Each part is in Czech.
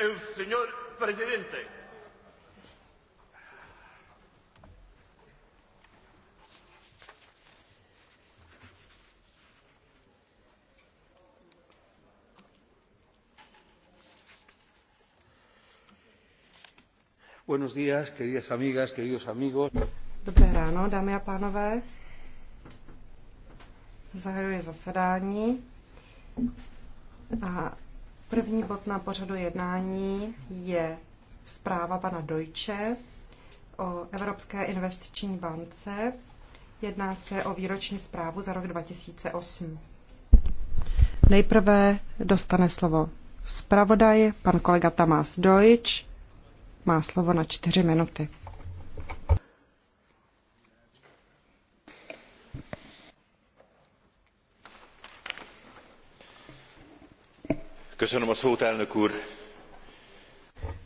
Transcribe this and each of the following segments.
El señor presidente. Buenos días, queridas amigas, queridos amigos. Dobré ráno, dámy a pánové. Zahajuji zasedání. A První bod na pořadu jednání je zpráva pana Dojče o Evropské investiční bance. Jedná se o výroční zprávu za rok 2008. Nejprve dostane slovo zpravodaj, pan kolega Tamás Dojč. Má slovo na čtyři minuty.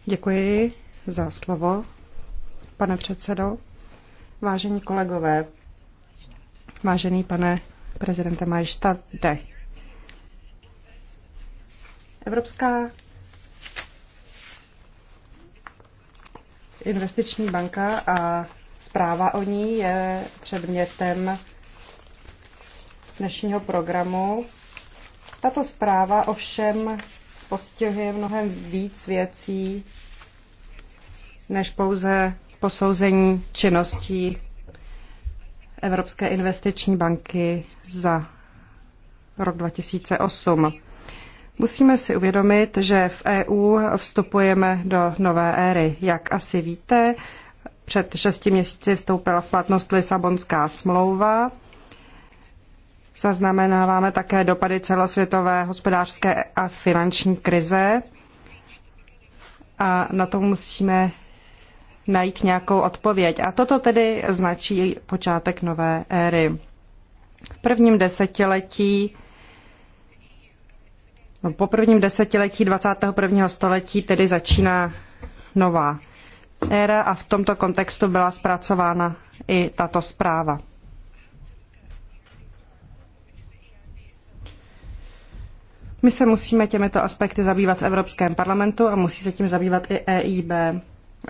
Děkuji za slovo, pane předsedo. Vážení kolegové, vážený pane prezidente Majštade, Evropská investiční banka a zpráva o ní je předmětem dnešního programu tato zpráva ovšem postihuje mnohem víc věcí než pouze posouzení činností Evropské investiční banky za rok 2008. Musíme si uvědomit, že v EU vstupujeme do nové éry. Jak asi víte, před šesti měsíci vstoupila v platnost Lisabonská smlouva, Zaznamenáváme také dopady celosvětové hospodářské a finanční krize a na to musíme najít nějakou odpověď. A toto tedy značí počátek nové éry. V prvním desetiletí no po prvním desetiletí 21. století tedy začíná nová éra a v tomto kontextu byla zpracována i tato zpráva. My se musíme těmito aspekty zabývat v Evropském parlamentu a musí se tím zabývat i EIB.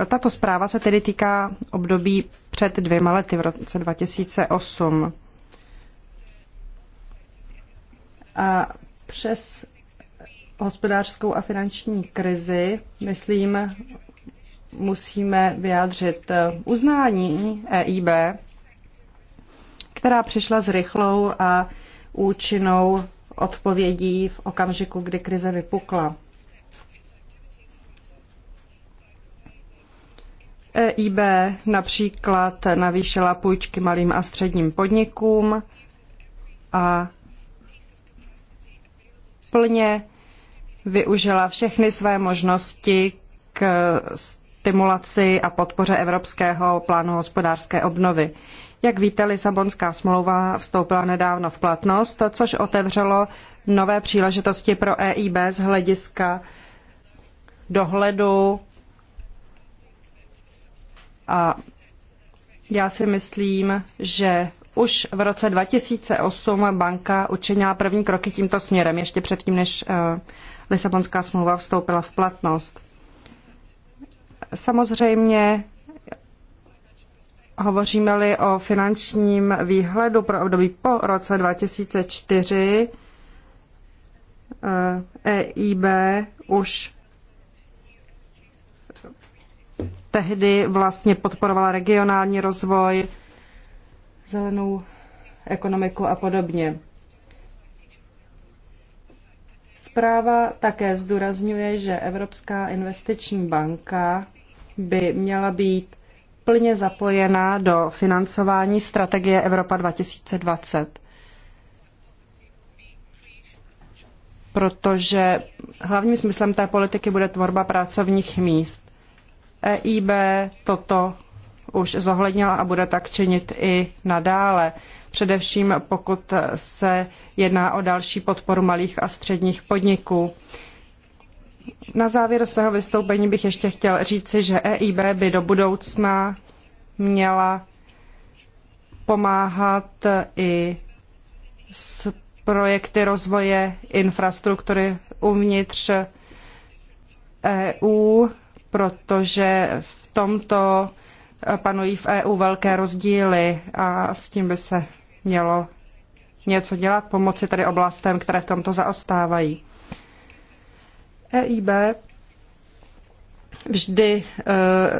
Tato zpráva se tedy týká období před dvěma lety v roce 2008. A přes hospodářskou a finanční krizi, myslím, musíme vyjádřit uznání EIB, která přišla s rychlou a účinnou odpovědí v okamžiku, kdy krize vypukla. EIB například navýšila půjčky malým a středním podnikům a plně využila všechny své možnosti k stimulaci a podpoře Evropského plánu hospodářské obnovy. Jak víte, Lisabonská smlouva vstoupila nedávno v platnost, což otevřelo nové příležitosti pro EIB z hlediska dohledu a já si myslím, že už v roce 2008 banka učinila první kroky tímto směrem, ještě předtím, než eh, Lisabonská smlouva vstoupila v platnost. Samozřejmě Hovoříme-li o finančním výhledu pro období po roce 2004, EIB eh, e už tehdy vlastně podporovala regionální rozvoj, zelenou ekonomiku a podobně. Zpráva také zdůrazňuje, že Evropská investiční banka by měla být plně zapojena do financování strategie Evropa 2020. Protože hlavním smyslem té politiky bude tvorba pracovních míst. EIB toto už zohlednila a bude tak činit i nadále, především pokud se jedná o další podporu malých a středních podniků. Na závěr svého vystoupení bych ještě chtěl říci, že EIB by do budoucna měla pomáhat i s projekty rozvoje infrastruktury uvnitř EU, protože v tomto panují v EU velké rozdíly a s tím by se mělo něco dělat, pomoci tedy oblastem, které v tomto zaostávají. EIB vždy e,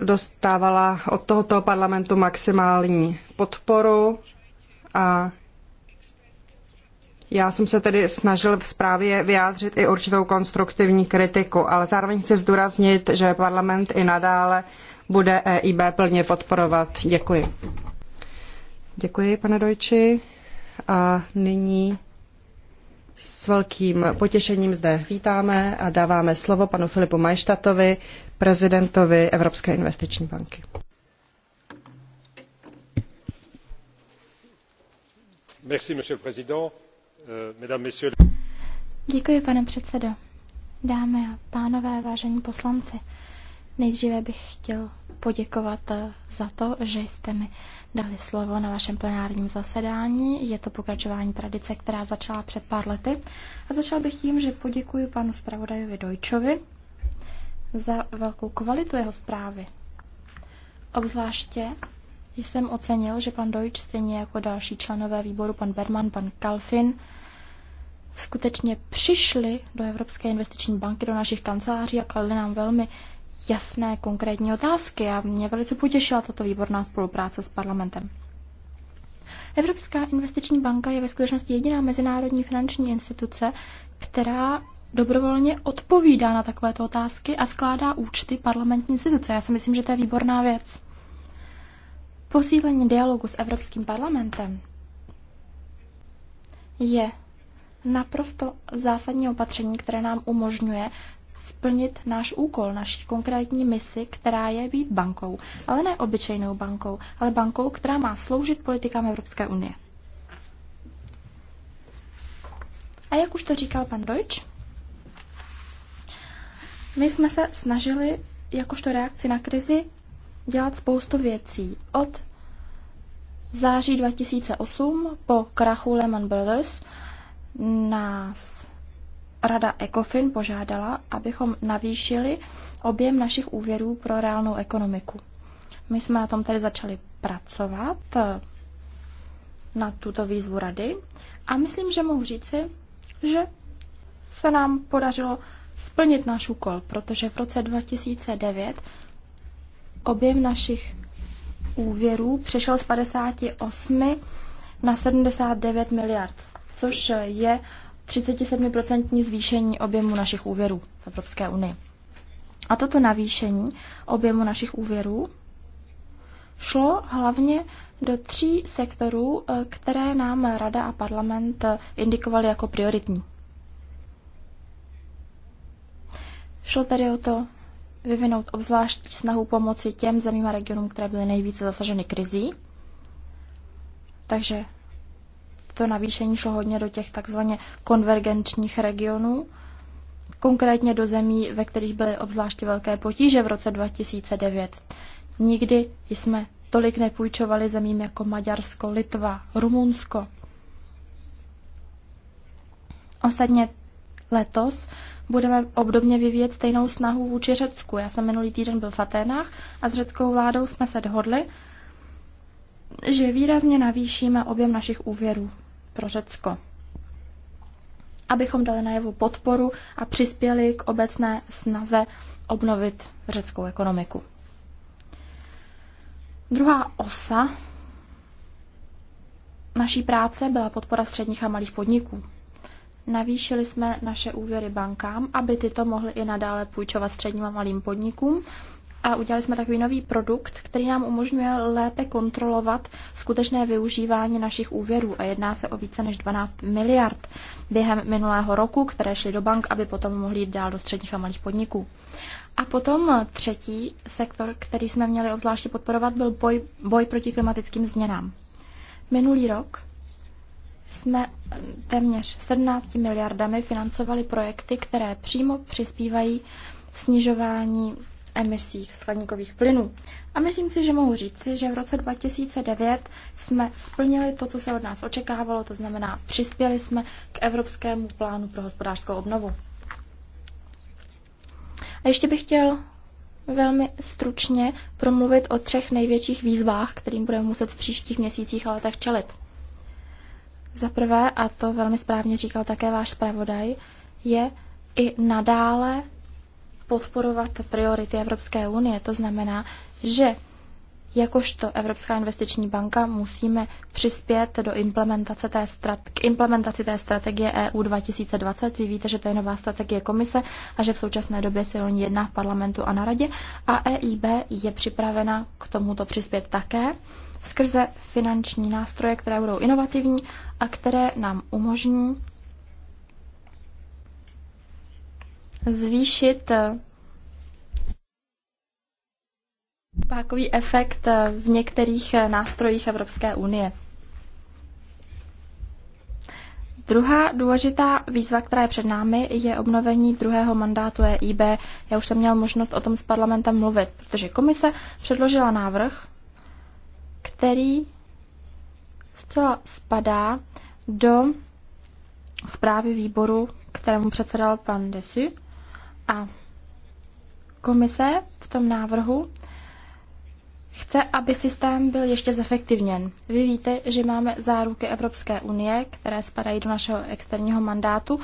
dostávala od tohoto parlamentu maximální podporu a já jsem se tedy snažil v zprávě vyjádřit i určitou konstruktivní kritiku, ale zároveň chci zdůraznit, že parlament i nadále bude EIB plně podporovat. Děkuji. Děkuji, pane Dojči. A nyní s velkým potěšením zde vítáme a dáváme slovo panu Filipu Majštatovi, prezidentovi Evropské investiční banky. Euh, Děkuji, pane předsedo. Dámy a pánové, vážení poslanci, nejdříve bych chtěl poděkovat eh, za to, že jste mi dali slovo na vašem plenárním zasedání. Je to pokračování tradice, která začala před pár lety. A začal bych tím, že poděkuji panu zpravodajovi Dojčovi za velkou kvalitu jeho zprávy. Obzvláště jsem ocenil, že pan Dojč, stejně jako další členové výboru, pan Berman, pan Kalfin, skutečně přišli do Evropské investiční banky, do našich kanceláří a kladli nám velmi jasné konkrétní otázky a mě velice potěšila tato výborná spolupráce s parlamentem. Evropská investiční banka je ve skutečnosti jediná mezinárodní finanční instituce, která dobrovolně odpovídá na takovéto otázky a skládá účty parlamentní instituce. Já si myslím, že to je výborná věc. Posílení dialogu s Evropským parlamentem je naprosto zásadní opatření, které nám umožňuje splnit náš úkol, naší konkrétní misi, která je být bankou. Ale ne obyčejnou bankou, ale bankou, která má sloužit politikám Evropské unie. A jak už to říkal pan Deutsch, my jsme se snažili, jakožto reakci na krizi, dělat spoustu věcí. Od září 2008 po krachu Lehman Brothers nás Rada ECOFIN požádala, abychom navýšili objem našich úvěrů pro reálnou ekonomiku. My jsme na tom tady začali pracovat, eh, na tuto výzvu rady a myslím, že mohu říci, že se nám podařilo splnit náš úkol, protože v roce 2009 objem našich úvěrů přešel z 58 na 79 miliard, což je 37% zvýšení objemu našich úvěrů v Evropské unii. A toto navýšení objemu našich úvěrů šlo hlavně do tří sektorů, eh, které nám Rada a parlament eh, indikovali jako prioritní. Šlo tedy o to vyvinout obzvlášť snahu pomoci těm zemím a regionům, které byly nejvíce zasaženy krizí. Takže to navýšení šlo hodně do těch takzvaně konvergenčních regionů, konkrétně do zemí, ve kterých byly obzvláště velké potíže v roce 2009. Nikdy jsme tolik nepůjčovali zemím jako Maďarsko, Litva, Rumunsko. Ostatně letos budeme obdobně vyvíjet stejnou snahu vůči Řecku. Já jsem minulý týden byl v Aténách a s řeckou vládou jsme se dohodli, že výrazně navýšíme objem našich úvěrů pro Řecko. Abychom dali najevu podporu a přispěli k obecné snaze obnovit řeckou ekonomiku. Druhá osa naší práce byla podpora středních a malých podniků. Navýšili jsme naše úvěry bankám, aby tyto mohly i nadále půjčovat středním a malým podnikům a udělali jsme takový nový produkt, který nám umožňuje lépe kontrolovat skutečné využívání našich úvěrů a jedná se o více než 12 miliard během minulého roku, které šly do bank, aby potom mohly jít dál do středních a malých podniků. A potom třetí sektor, který jsme měli obzvláště podporovat, byl boj, boj proti klimatickým změnám. Minulý rok jsme téměř 17 miliardami financovali projekty, které přímo přispívají snižování emisích skleníkových plynů. A myslím si, že mohu říct, že v roce 2009 jsme splnili to, co se od nás očekávalo, to znamená, přispěli jsme k Evropskému plánu pro hospodářskou obnovu. A ještě bych chtěl velmi stručně promluvit o třech největších výzvách, kterým budeme muset v příštích měsících a letech čelit. Za prvé, a to velmi správně říkal také váš zpravodaj, je i nadále podporovat priority Evropské unie. To znamená, že jakožto Evropská investiční banka musíme přispět do implementace té k implementaci té strategie EU 2020. Vy víte, že to je nová strategie komise a že v současné době se o ní jedná v parlamentu a na radě. A EIB je připravena k tomuto přispět také skrze finanční nástroje, které budou inovativní a které nám umožní zvýšit eh, pákový efekt eh, v některých eh, nástrojích Evropské unie. Druhá důležitá výzva, která je před námi, je obnovení druhého mandátu EIB. Já už jsem měl možnost o tom s parlamentem mluvit, protože komise předložila návrh, který zcela spadá do zprávy výboru, kterému předsedal pan Desi. A komise v tom návrhu chce, aby systém byl ještě zefektivněn. Vy víte, že máme záruky Evropské unie, které spadají do našeho externího mandátu.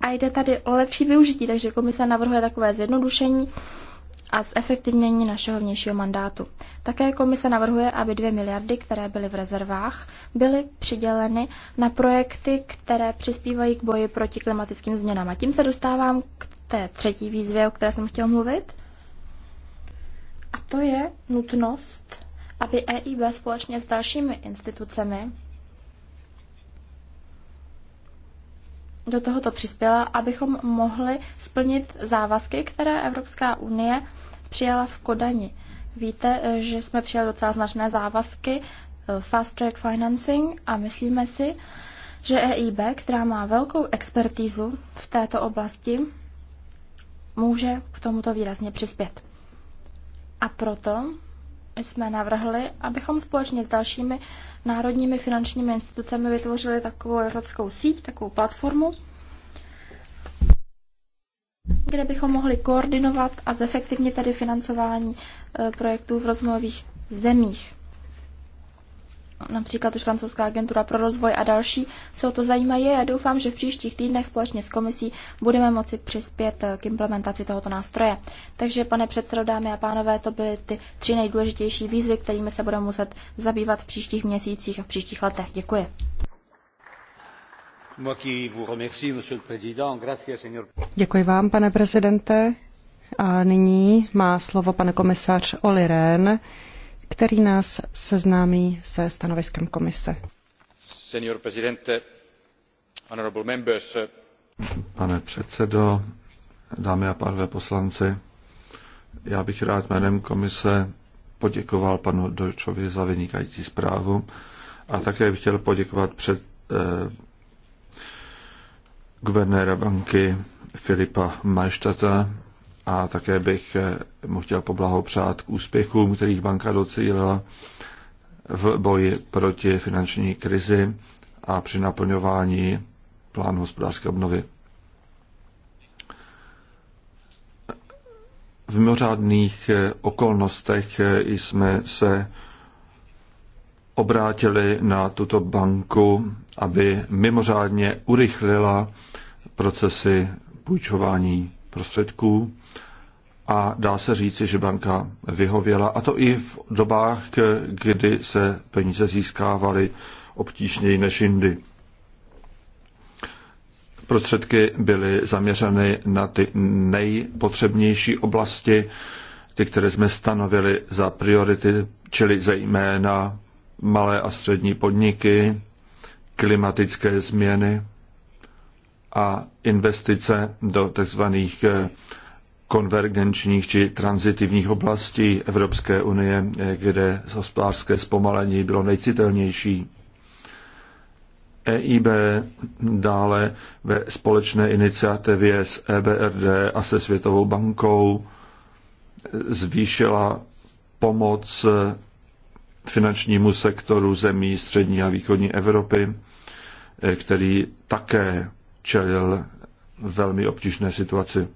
A jde tady o lepší využití, takže komise navrhuje takové zjednodušení a zefektivnění našeho vnějšího mandátu. Také komise navrhuje, aby dvě miliardy, které byly v rezervách, byly přiděleny na projekty, které přispívají k boji proti klimatickým změnám. A tím se dostávám k té třetí výzvě, o které jsem chtěl mluvit. A to je nutnost, aby EIB společně s dalšími institucemi do tohoto přispěla, abychom mohli splnit závazky, které Evropská unie přijala v Kodani. Víte, eh, že jsme přijali docela značné závazky eh, Fast Track Financing a myslíme si, že EIB, která má velkou expertízu v této oblasti, může k tomuto výrazně přispět. A proto jsme navrhli, abychom společně s dalšími národními finančními institucemi vytvořili takovou evropskou síť, takovou platformu, kde bychom mohli koordinovat a zefektivnit tedy financování eh, projektů v rozvojových zemích například už francouzská agentura pro rozvoj a další, se o to zajímají a doufám, že v příštích týdnech společně s komisí budeme moci přispět eh, k implementaci tohoto nástroje. Takže, pane předsedo, dámy a pánové, to byly ty tři nejdůležitější výzvy, kterými se budeme muset zabývat v příštích měsících a v příštích letech. Děkuji. Děkuji vám, pane prezidente. A nyní má slovo pane komisař Oli Rehn který nás seznámí se stanoviskem komise. Eh, Pane předsedo, dámy a pánové poslanci, já bych rád jménem komise poděkoval panu Dočovi za vynikající zprávu a také bych chtěl poděkovat před eh, guvernéra banky Filipa Majštata a také bych eh, mu chtěl poblahopřát k úspěchům, kterých banka docílila v boji proti finanční krizi a při naplňování plánu hospodářské obnovy. V mimořádných eh, okolnostech eh, jsme se obrátili na tuto banku, aby mimořádně urychlila procesy půjčování prostředků a dá se říci, že banka vyhověla, a to i v dobách, kdy se peníze získávaly obtížněji než jindy. Prostředky byly zaměřeny na ty nejpotřebnější oblasti, ty, které jsme stanovili za priority, čili zejména malé a střední podniky, klimatické změny a investice do takzvaných konvergenčních či transitivních oblastí Evropské unie, kde hospodářské zpomalení bylo nejcitelnější. EIB dále ve společné iniciativě s EBRD a se Světovou bankou zvýšila pomoc finančnímu sektoru zemí střední a východní Evropy, který také čelil velmi obtížné situaci.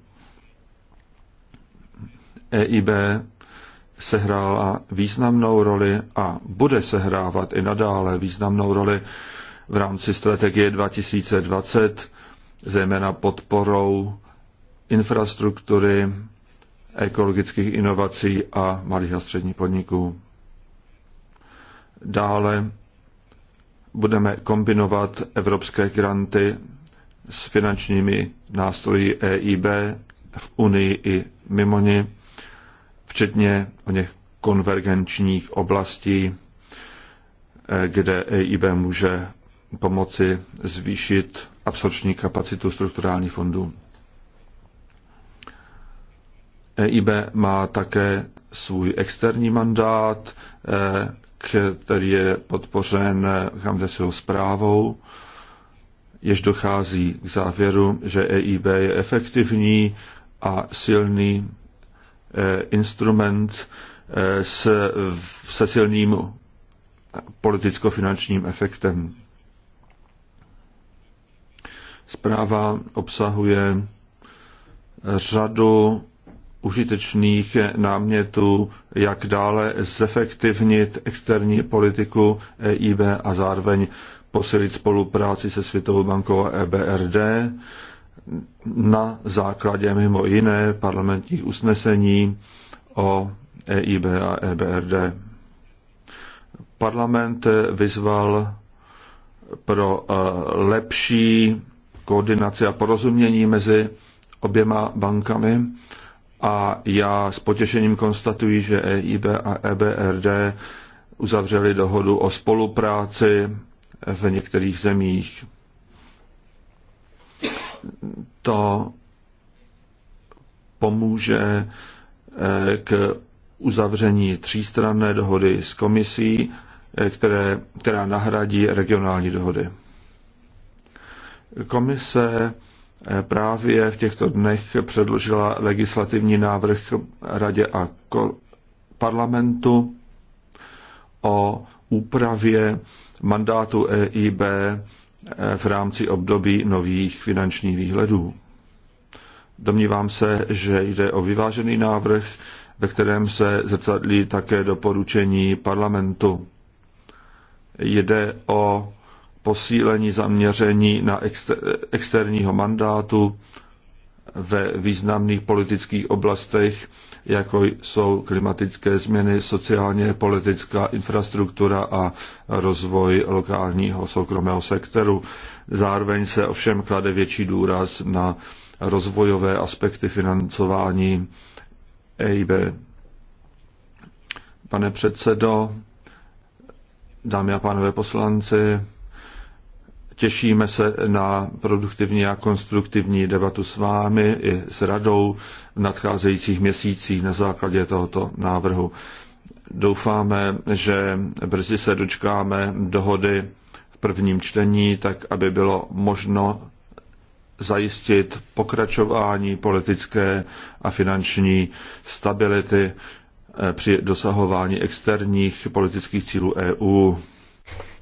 EIB sehrála významnou roli a bude sehrávat i nadále významnou roli v rámci strategie 2020, zejména podporou infrastruktury, ekologických inovací a malých a středních podniků. Dále budeme kombinovat evropské granty s finančními nástroji EIB v Unii i mimo ní včetně o něch konvergenčních oblastí, eh, kde EIB může pomoci zvýšit absorční kapacitu strukturálních fondů. EIB má také svůj externí mandát, eh, který je podpořen Hamdesovou eh, zprávou, jež dochází k závěru, že EIB je efektivní a silný Eh, instrument eh, s, se silným politicko-finančním efektem. Zpráva obsahuje řadu užitečných námětů, jak dále zefektivnit externí politiku EIB a zároveň posilit spolupráci se Světovou bankou a EBRD, na základě mimo jiné parlamentních usnesení o EIB a EBRD. Parlament vyzval pro eh, lepší koordinaci a porozumění mezi oběma bankami a já s potěšením konstatuji, že EIB a EBRD uzavřeli dohodu o spolupráci v některých zemích to pomůže eh, k uzavření třístranné dohody s komisí, eh, které, která nahradí regionální dohody. Komise eh, právě v těchto dnech předložila legislativní návrh Radě a parlamentu o úpravě mandátu EIB Eh, v rámci období nových finančních výhledů. Domnívám se, že jde o vyvážený návrh, ve kterém se zrcadlí také doporučení parlamentu. Jde o posílení zaměření na externího mandátu, ve významných politických oblastech, jako jsou klimatické změny, sociálně politická infrastruktura a rozvoj lokálního soukromého sektoru. Zároveň se ovšem klade větší důraz na rozvojové aspekty financování EIB. Pane předsedo, dámy a pánové poslanci, Těšíme se na produktivní a konstruktivní debatu s vámi i s radou v nadcházejících měsících na základě tohoto návrhu. Doufáme, že brzy se dočkáme dohody v prvním čtení, tak aby bylo možno zajistit pokračování politické a finanční stability eh, při dosahování externích politických cílů EU.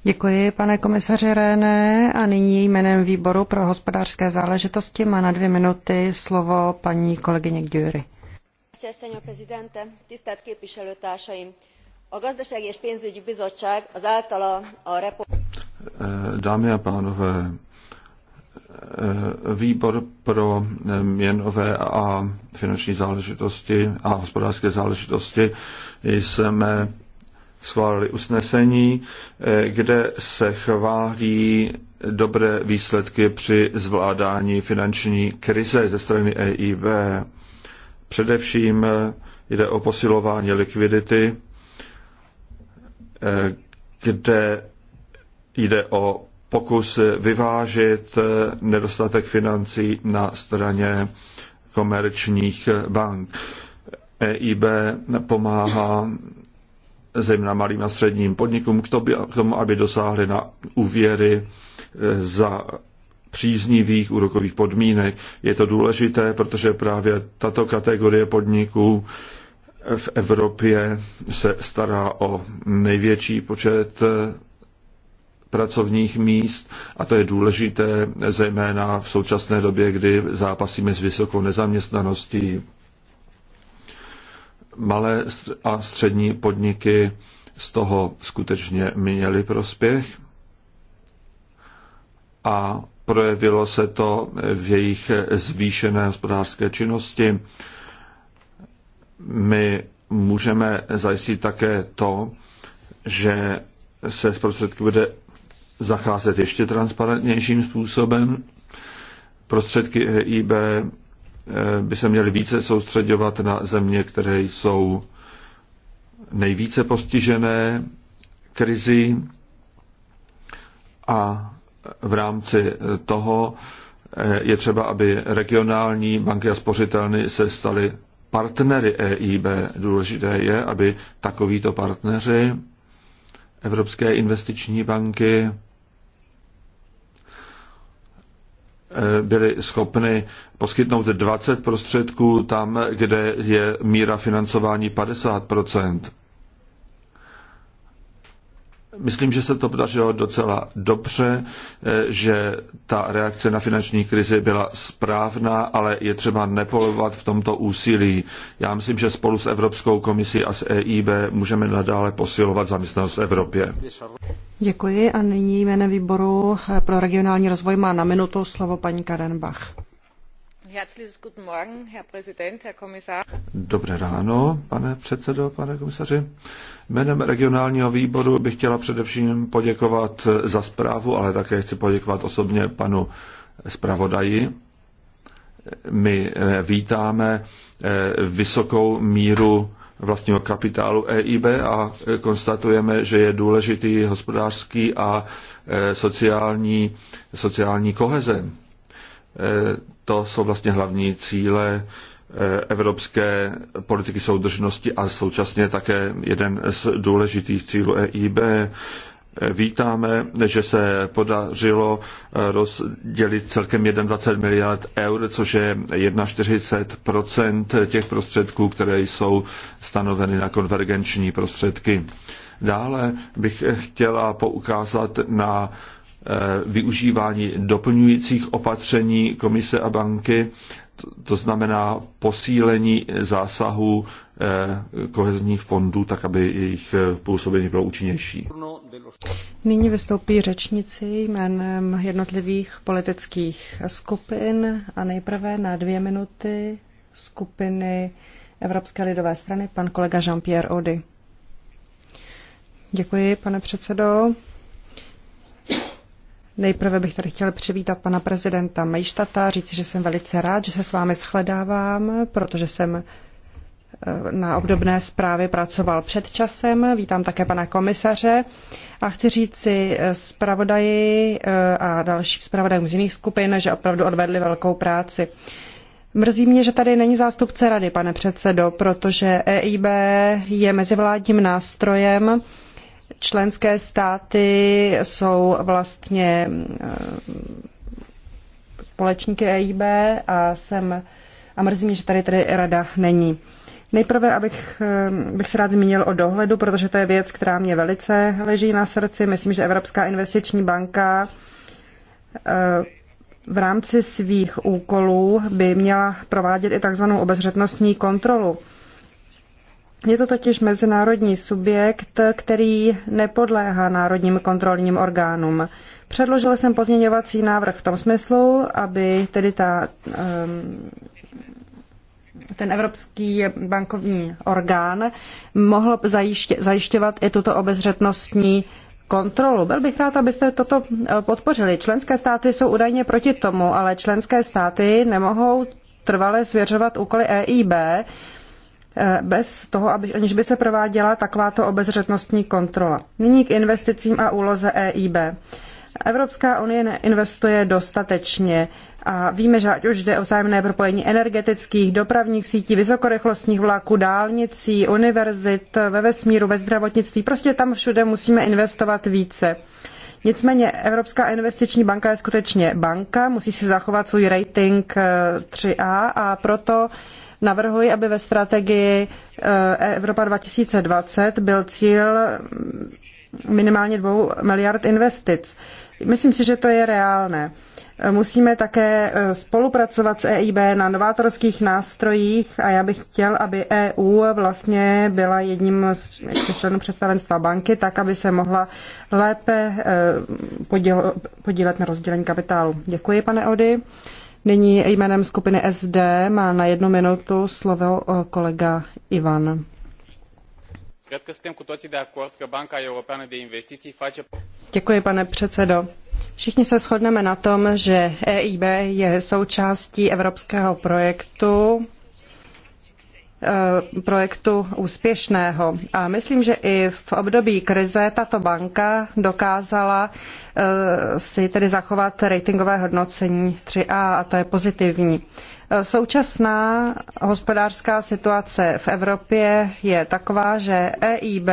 Děkuji, pane komisaři René. A nyní jménem výboru pro hospodářské záležitosti má na dvě minuty slovo paní kolegyně Gyuri. Eh, dámy a pánové, eh, výbor pro eh, měnové a finanční záležitosti a hospodářské záležitosti jsme schválili usnesení, eh, kde se chválí dobré výsledky při zvládání finanční krize ze strany EIB. Především eh, jde o posilování likvidity, eh, kde jde o pokus vyvážit nedostatek financí na straně komerčních bank. EIB pomáhá zejména malým a středním podnikům, k tomu, aby dosáhly na úvěry eh, za příznivých úrokových podmínek. Je to důležité, protože právě tato kategorie podniků eh, v Evropě se stará o největší počet eh, pracovních míst a to je důležité zejména v současné době, kdy zápasíme s vysokou nezaměstnaností malé a střední podniky z toho skutečně měly prospěch a projevilo se to v jejich zvýšené hospodářské činnosti. My můžeme zajistit také to, že se z prostředky bude zacházet ještě transparentnějším způsobem. Prostředky EIB Eh, by se měly více soustředovat na země, které jsou nejvíce postižené krizi a v rámci toho eh, je třeba, aby regionální banky a spořitelny se staly partnery EIB. Důležité je, aby takovýto partneři Evropské investiční banky byly schopny poskytnout 20 prostředků tam, kde je míra financování 50 Myslím, že se to podařilo docela dobře, eh, že ta reakce na finanční krizi byla správná, ale je třeba nepolovat v tomto úsilí. Já myslím, že spolu s Evropskou komisí a s EIB můžeme nadále posilovat zaměstnanost v Evropě. Děkuji a nyní jménem výboru eh, pro regionální rozvoj má na minutu slovo paní Karenbach. Dobré ráno, pane předsedo, pane komisaři. Jménem regionálního výboru bych chtěla především poděkovat za zprávu, ale také chci poděkovat osobně panu zpravodaji. My eh, vítáme eh, vysokou míru vlastního kapitálu EIB a eh, konstatujeme, že je důležitý hospodářský a sociální, sociální kohezen Eh, to jsou vlastně hlavní cíle eh, evropské politiky soudržnosti a současně také jeden z důležitých cílů EIB. Eh, vítáme, že se podařilo rozdělit celkem 21 miliard eur, což je 41 těch prostředků, které jsou stanoveny na konvergenční prostředky. Dále bych chtěla poukázat na Eh, využívání doplňujících opatření komise a banky, to znamená posílení zásahu eh, kohezních fondů, tak aby jejich eh, působení bylo účinnější. Nyní vystoupí řečnici jménem jednotlivých politických skupin a nejprve na dvě minuty skupiny Evropské lidové strany pan kolega Jean-Pierre Ody. Děkuji, pane předsedo. Nejprve bych tady chtěl přivítat pana prezidenta Mejštata, říci, že jsem velice rád, že se s vámi shledávám, protože jsem eh, na obdobné zprávy pracoval před časem. Vítám také pana komisaře a chci říci eh, zpravodaji eh, a dalším zpravodajům z jiných skupin, že opravdu odvedli velkou práci. Mrzí mě, že tady není zástupce rady, pane předsedo, protože EIB je mezivládním nástrojem, členské státy jsou vlastně eh, společníky EIB a jsem a mrzí mě, že tady tady rada není. Nejprve abych, eh, bych se rád zmínil o dohledu, protože to je věc, která mě velice leží na srdci. Myslím, že Evropská investiční banka eh, v rámci svých úkolů by měla provádět i takzvanou obezřetnostní kontrolu. Je to totiž mezinárodní subjekt, který nepodléhá národním kontrolním orgánům. Předložil jsem pozměňovací návrh v tom smyslu, aby tedy ta, ehm, ten Evropský bankovní orgán mohl zajiště, zajišťovat i tuto obezřetnostní kontrolu. Byl bych rád, abyste toto e, podpořili. Členské státy jsou údajně proti tomu, ale členské státy nemohou trvale svěřovat úkoly EIB, Eh, bez toho, aby, aniž by se prováděla takováto obezřetnostní kontrola. Nyní k investicím a úloze EIB. Evropská unie neinvestuje dostatečně a víme, že ať už jde o vzájemné propojení energetických, dopravních sítí, vysokorychlostních vlaků, dálnicí, univerzit, ve vesmíru, ve zdravotnictví, prostě tam všude musíme investovat více. Nicméně Evropská investiční banka je skutečně banka, musí si zachovat svůj rating 3A eh, a proto Navrhuji, aby ve strategii eh, Evropa 2020 byl cíl minimálně dvou miliard investic. Myslím si, že to je reálné. Musíme také eh, spolupracovat s EIB na novátorských nástrojích a já bych chtěl, aby EU vlastně byla jedním z členů představenstva banky, tak aby se mohla lépe eh, podílet na rozdělení kapitálu. Děkuji, pane Ody. Nyní jménem skupiny SD má na jednu minutu slovo eh, kolega Ivan. Děkuji, pane předsedo. Všichni se shodneme na tom, že EIB je součástí evropského projektu Eh, projektu úspěšného. A myslím, že i v období krize tato banka dokázala eh, si tedy zachovat ratingové hodnocení 3A a to je pozitivní. Eh, současná hospodářská situace v Evropě je taková, že EIB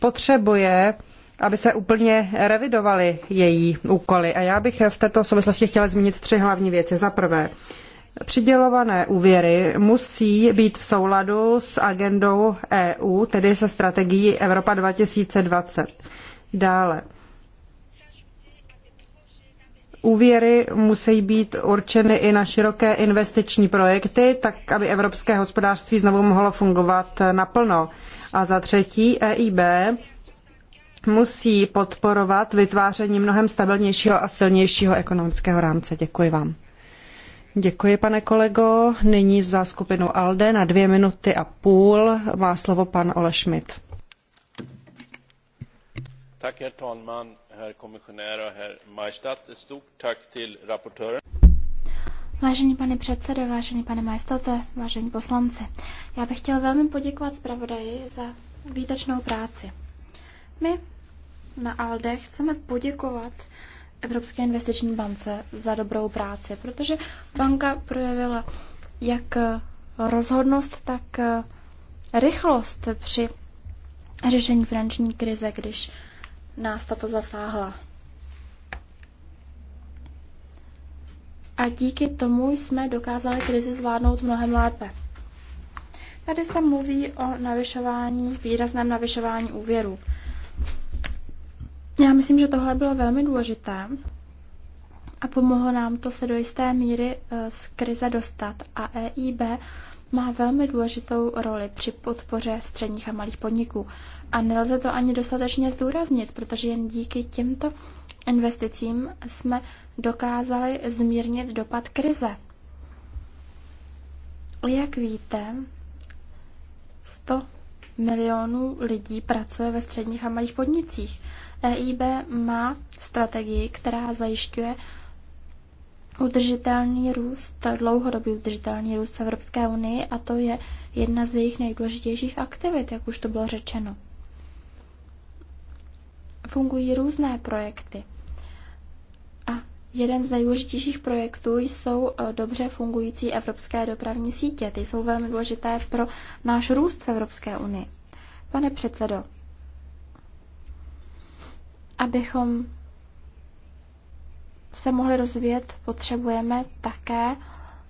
potřebuje aby se úplně revidovaly její úkoly. A já bych v této souvislosti chtěla zmínit tři hlavní věci. Za prvé, Přidělované úvěry musí být v souladu s agendou EU, tedy se strategií Evropa 2020. Dále. Úvěry musí být určeny i na široké investiční projekty, tak aby evropské hospodářství znovu mohlo fungovat naplno. A za třetí, EIB musí podporovat vytváření mnohem stabilnějšího a silnějšího ekonomického rámce. Děkuji vám. Děkuji, pane kolego. Nyní za skupinu ALDE na dvě minuty a půl má slovo pan Ole Schmidt. Tak, herr talman, herr komisionär a herr Majstad. Stort tak till rapportören. Vážený pane předsedo, vážený pane majstote, vážení poslanci, já bych chtěl velmi poděkovat zpravodaji za výtečnou práci. My na ALDE chceme poděkovat Evropské investiční bance za dobrou práci, protože banka projevila jak rozhodnost, tak rychlost při řešení finanční krize, když nás tato zasáhla. A díky tomu jsme dokázali krizi zvládnout mnohem lépe. Tady se mluví o navyšování, výrazném navyšování úvěru. Já myslím, že tohle bylo velmi důležité a pomohlo nám to se do jisté míry eh, z krize dostat. A EIB má velmi důležitou roli při podpoře středních a malých podniků. A nelze to ani dostatečně zdůraznit, protože jen díky těmto investicím jsme dokázali zmírnit dopad krize. Jak víte, 100 milionů lidí pracuje ve středních a malých podnicích. EIB má strategii, která zajišťuje udržitelný růst, dlouhodobý udržitelný růst v Evropské unii a to je jedna z jejich nejdůležitějších aktivit, jak už to bylo řečeno. Fungují různé projekty. Jeden z nejdůležitějších projektů jsou eh, dobře fungující evropské dopravní sítě. Ty jsou velmi důležité pro náš růst v Evropské unii. Pane předsedo, abychom se mohli rozvíjet, potřebujeme také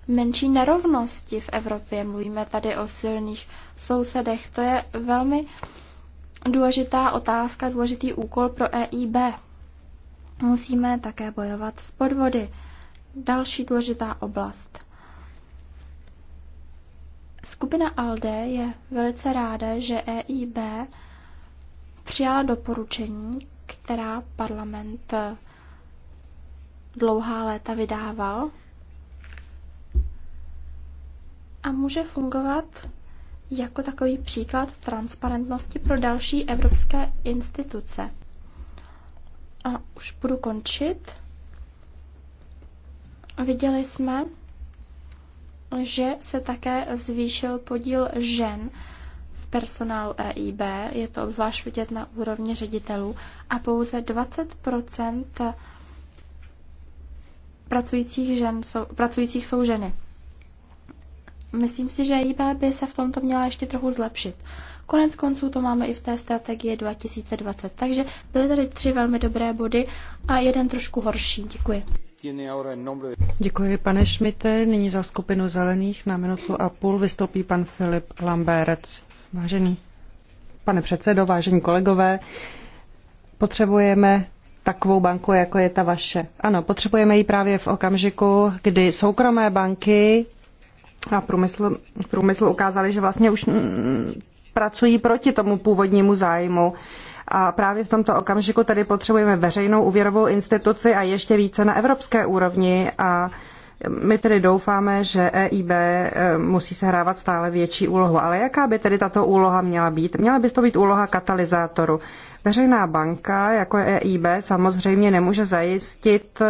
menší nerovnosti v Evropě. Mluvíme tady o silných sousedech. To je velmi důležitá otázka, důležitý úkol pro EIB. Musíme také bojovat s podvody. Další důležitá oblast. Skupina ALDE je velice ráda, že EIB přijala doporučení, která parlament dlouhá léta vydával a může fungovat jako takový příklad transparentnosti pro další evropské instituce. A už budu končit. Viděli jsme, že se také zvýšil podíl žen v personálu EIB, je to obzvlášť vidět na úrovni ředitelů, a pouze 20 pracujících, žen jsou, pracujících jsou ženy. Myslím si, že EIB by se v tomto měla ještě trochu zlepšit. Konec konců to máme i v té strategii 2020. Takže byly tady tři velmi dobré body a jeden trošku horší. Děkuji. Děkuji, pane Šmite. Nyní za skupinu zelených na minutu a půl vystoupí pan Filip Lambérec. Vážený pane předsedo, vážení kolegové, potřebujeme takovou banku, jako je ta vaše. Ano, potřebujeme ji právě v okamžiku, kdy soukromé banky a průmysl, průmysl ukázali, že vlastně už pracují proti tomu původnímu zájmu. A právě v tomto okamžiku tedy potřebujeme veřejnou úvěrovou instituci a ještě více na evropské úrovni a my tedy doufáme, že EIB eh, musí sehrávat stále větší úlohu. Ale jaká by tedy tato úloha měla být? Měla by to být úloha katalyzátoru. Veřejná banka jako EIB samozřejmě nemůže zajistit eh,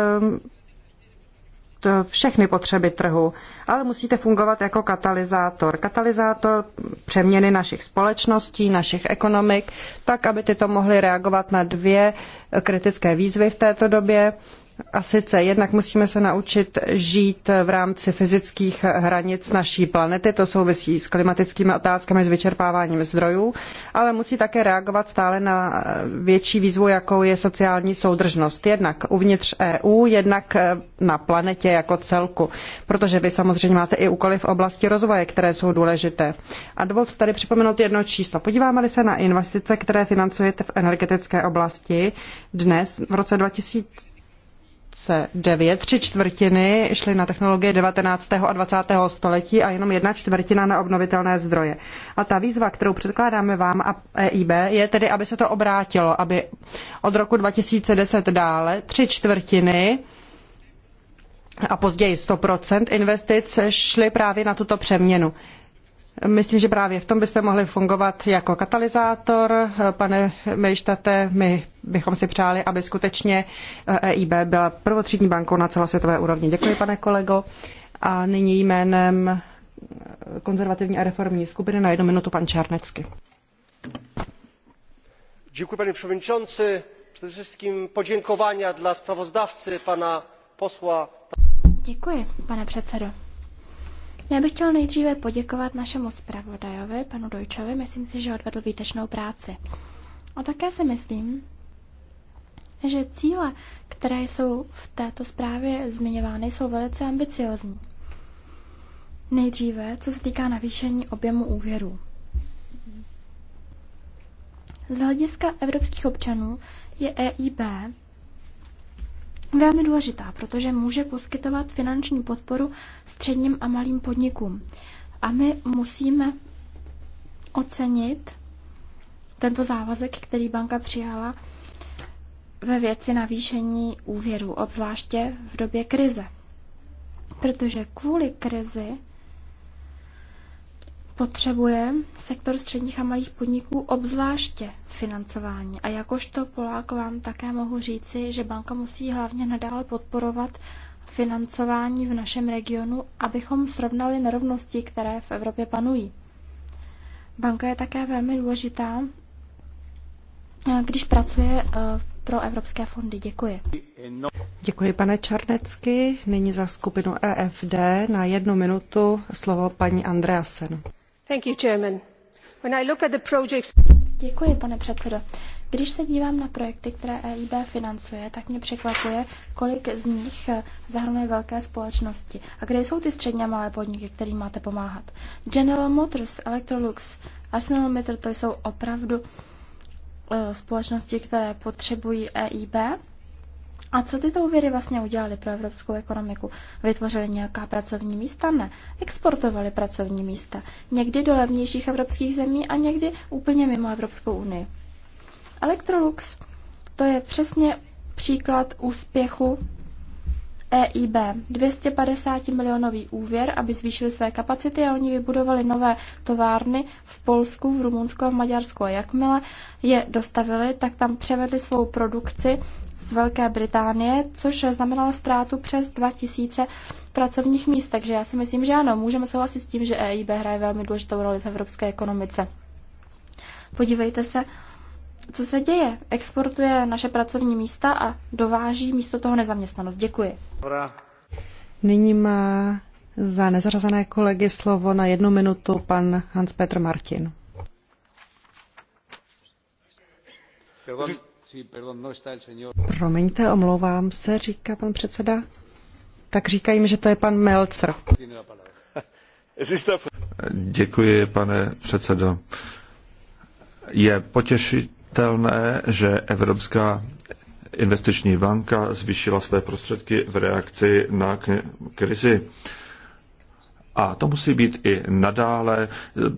E, všechny potřeby trhu, ale musíte fungovat jako katalyzátor. Katalyzátor přeměny našich společností, našich ekonomik, tak, aby tyto mohly reagovat na dvě kritické výzvy v této době a sice jednak musíme se naučit žít v rámci fyzických hranic naší planety, to souvisí s klimatickými otázkami, s vyčerpáváním zdrojů, ale musí také reagovat stále na větší výzvu, jakou je sociální soudržnost. Jednak uvnitř EU, jednak na planetě jako celku, protože vy samozřejmě máte i úkoly v oblasti rozvoje, které jsou důležité. A dovolte tady připomenout jedno číslo. Podíváme-li se na investice, které financujete v energetické oblasti dnes, v roce 2000 2009 tři čtvrtiny šly na technologie 19. a 20. století a jenom jedna čtvrtina na obnovitelné zdroje. A ta výzva, kterou předkládáme vám a EIB, je tedy, aby se to obrátilo, aby od roku 2010 dále tři čtvrtiny a později 100% investic šly právě na tuto přeměnu. Myslím, že právě v tom byste mohli fungovat jako katalyzátor. Pane Mejštate, my bychom si přáli, aby skutečně EIB byla prvotřídní bankou na celosvětové úrovni. Děkuji, pane kolego. A nyní jménem konzervativní a reformní skupiny na jednu minutu pan Čarnecky. Děkuji, pane předsedající. Přede wszystkim poděkování dla zpravodajce pana posla. Děkuji, pane předsedo. Já bych chtěl nejdříve poděkovat našemu zpravodajovi, panu Dojčovi. Myslím si, že odvedl výtečnou práci. A také si myslím, že cíle, které jsou v této zprávě zmiňovány, jsou velice ambiciozní. Nejdříve, co se týká navýšení objemu úvěrů. Z hlediska evropských občanů je EIB velmi důležitá, protože může poskytovat finanční podporu středním a malým podnikům. A my musíme ocenit tento závazek, který banka přijala ve věci navýšení úvěru, obzvláště v době krize. Protože kvůli krizi potřebuje sektor středních a malých podniků obzvláště financování. A jakožto Polák vám také mohu říci, že banka musí hlavně nadále podporovat financování v našem regionu, abychom srovnali nerovnosti, které v Evropě panují. Banka je také velmi důležitá, když pracuje eh, pro evropské fondy. Děkuji. Děkuji, pane Čarnecky. Nyní za skupinu EFD na jednu minutu slovo paní Andreasen. Děkuji, pane předsedající. Když se dívám na projekty, které EIB financuje, tak mě překvapuje, kolik z nich eh, zahrnuje velké společnosti. A kde jsou ty střední a malé podniky, kterým máte pomáhat? General Motors, Electrolux, ArcelorMittal, to jsou opravdu eh, společnosti, které potřebují EIB a co tyto úvěry vlastně udělaly pro evropskou ekonomiku? Vytvořili nějaká pracovní místa? Ne. Exportovali pracovní místa. Někdy do levnějších evropských zemí a někdy úplně mimo Evropskou unii. Electrolux to je přesně příklad úspěchu EIB. 250 milionový úvěr, aby zvýšili své kapacity a oni vybudovali nové továrny v Polsku, v Rumunsku a v Maďarsku. A jakmile je dostavili, tak tam převedli svou produkci z Velké Británie, což znamenalo ztrátu přes 2000 pracovních míst. Takže já si myslím, že ano, můžeme souhlasit s tím, že EIB hraje velmi důležitou roli v evropské ekonomice. Podívejte se, co se děje. Exportuje naše pracovní místa a dováží místo toho nezaměstnanost. Děkuji. Nyní má za nezařazené kolegy slovo na jednu minutu pan Hans-Petr Martin. vám... No Promiňte, omlouvám se, říká pan předseda. Tak říkají že to je pan Melcer. Děkuji, pane předsedo. Je potěšitelné, že Evropská investiční banka zvýšila své prostředky v reakci na krizi. A to musí být i nadále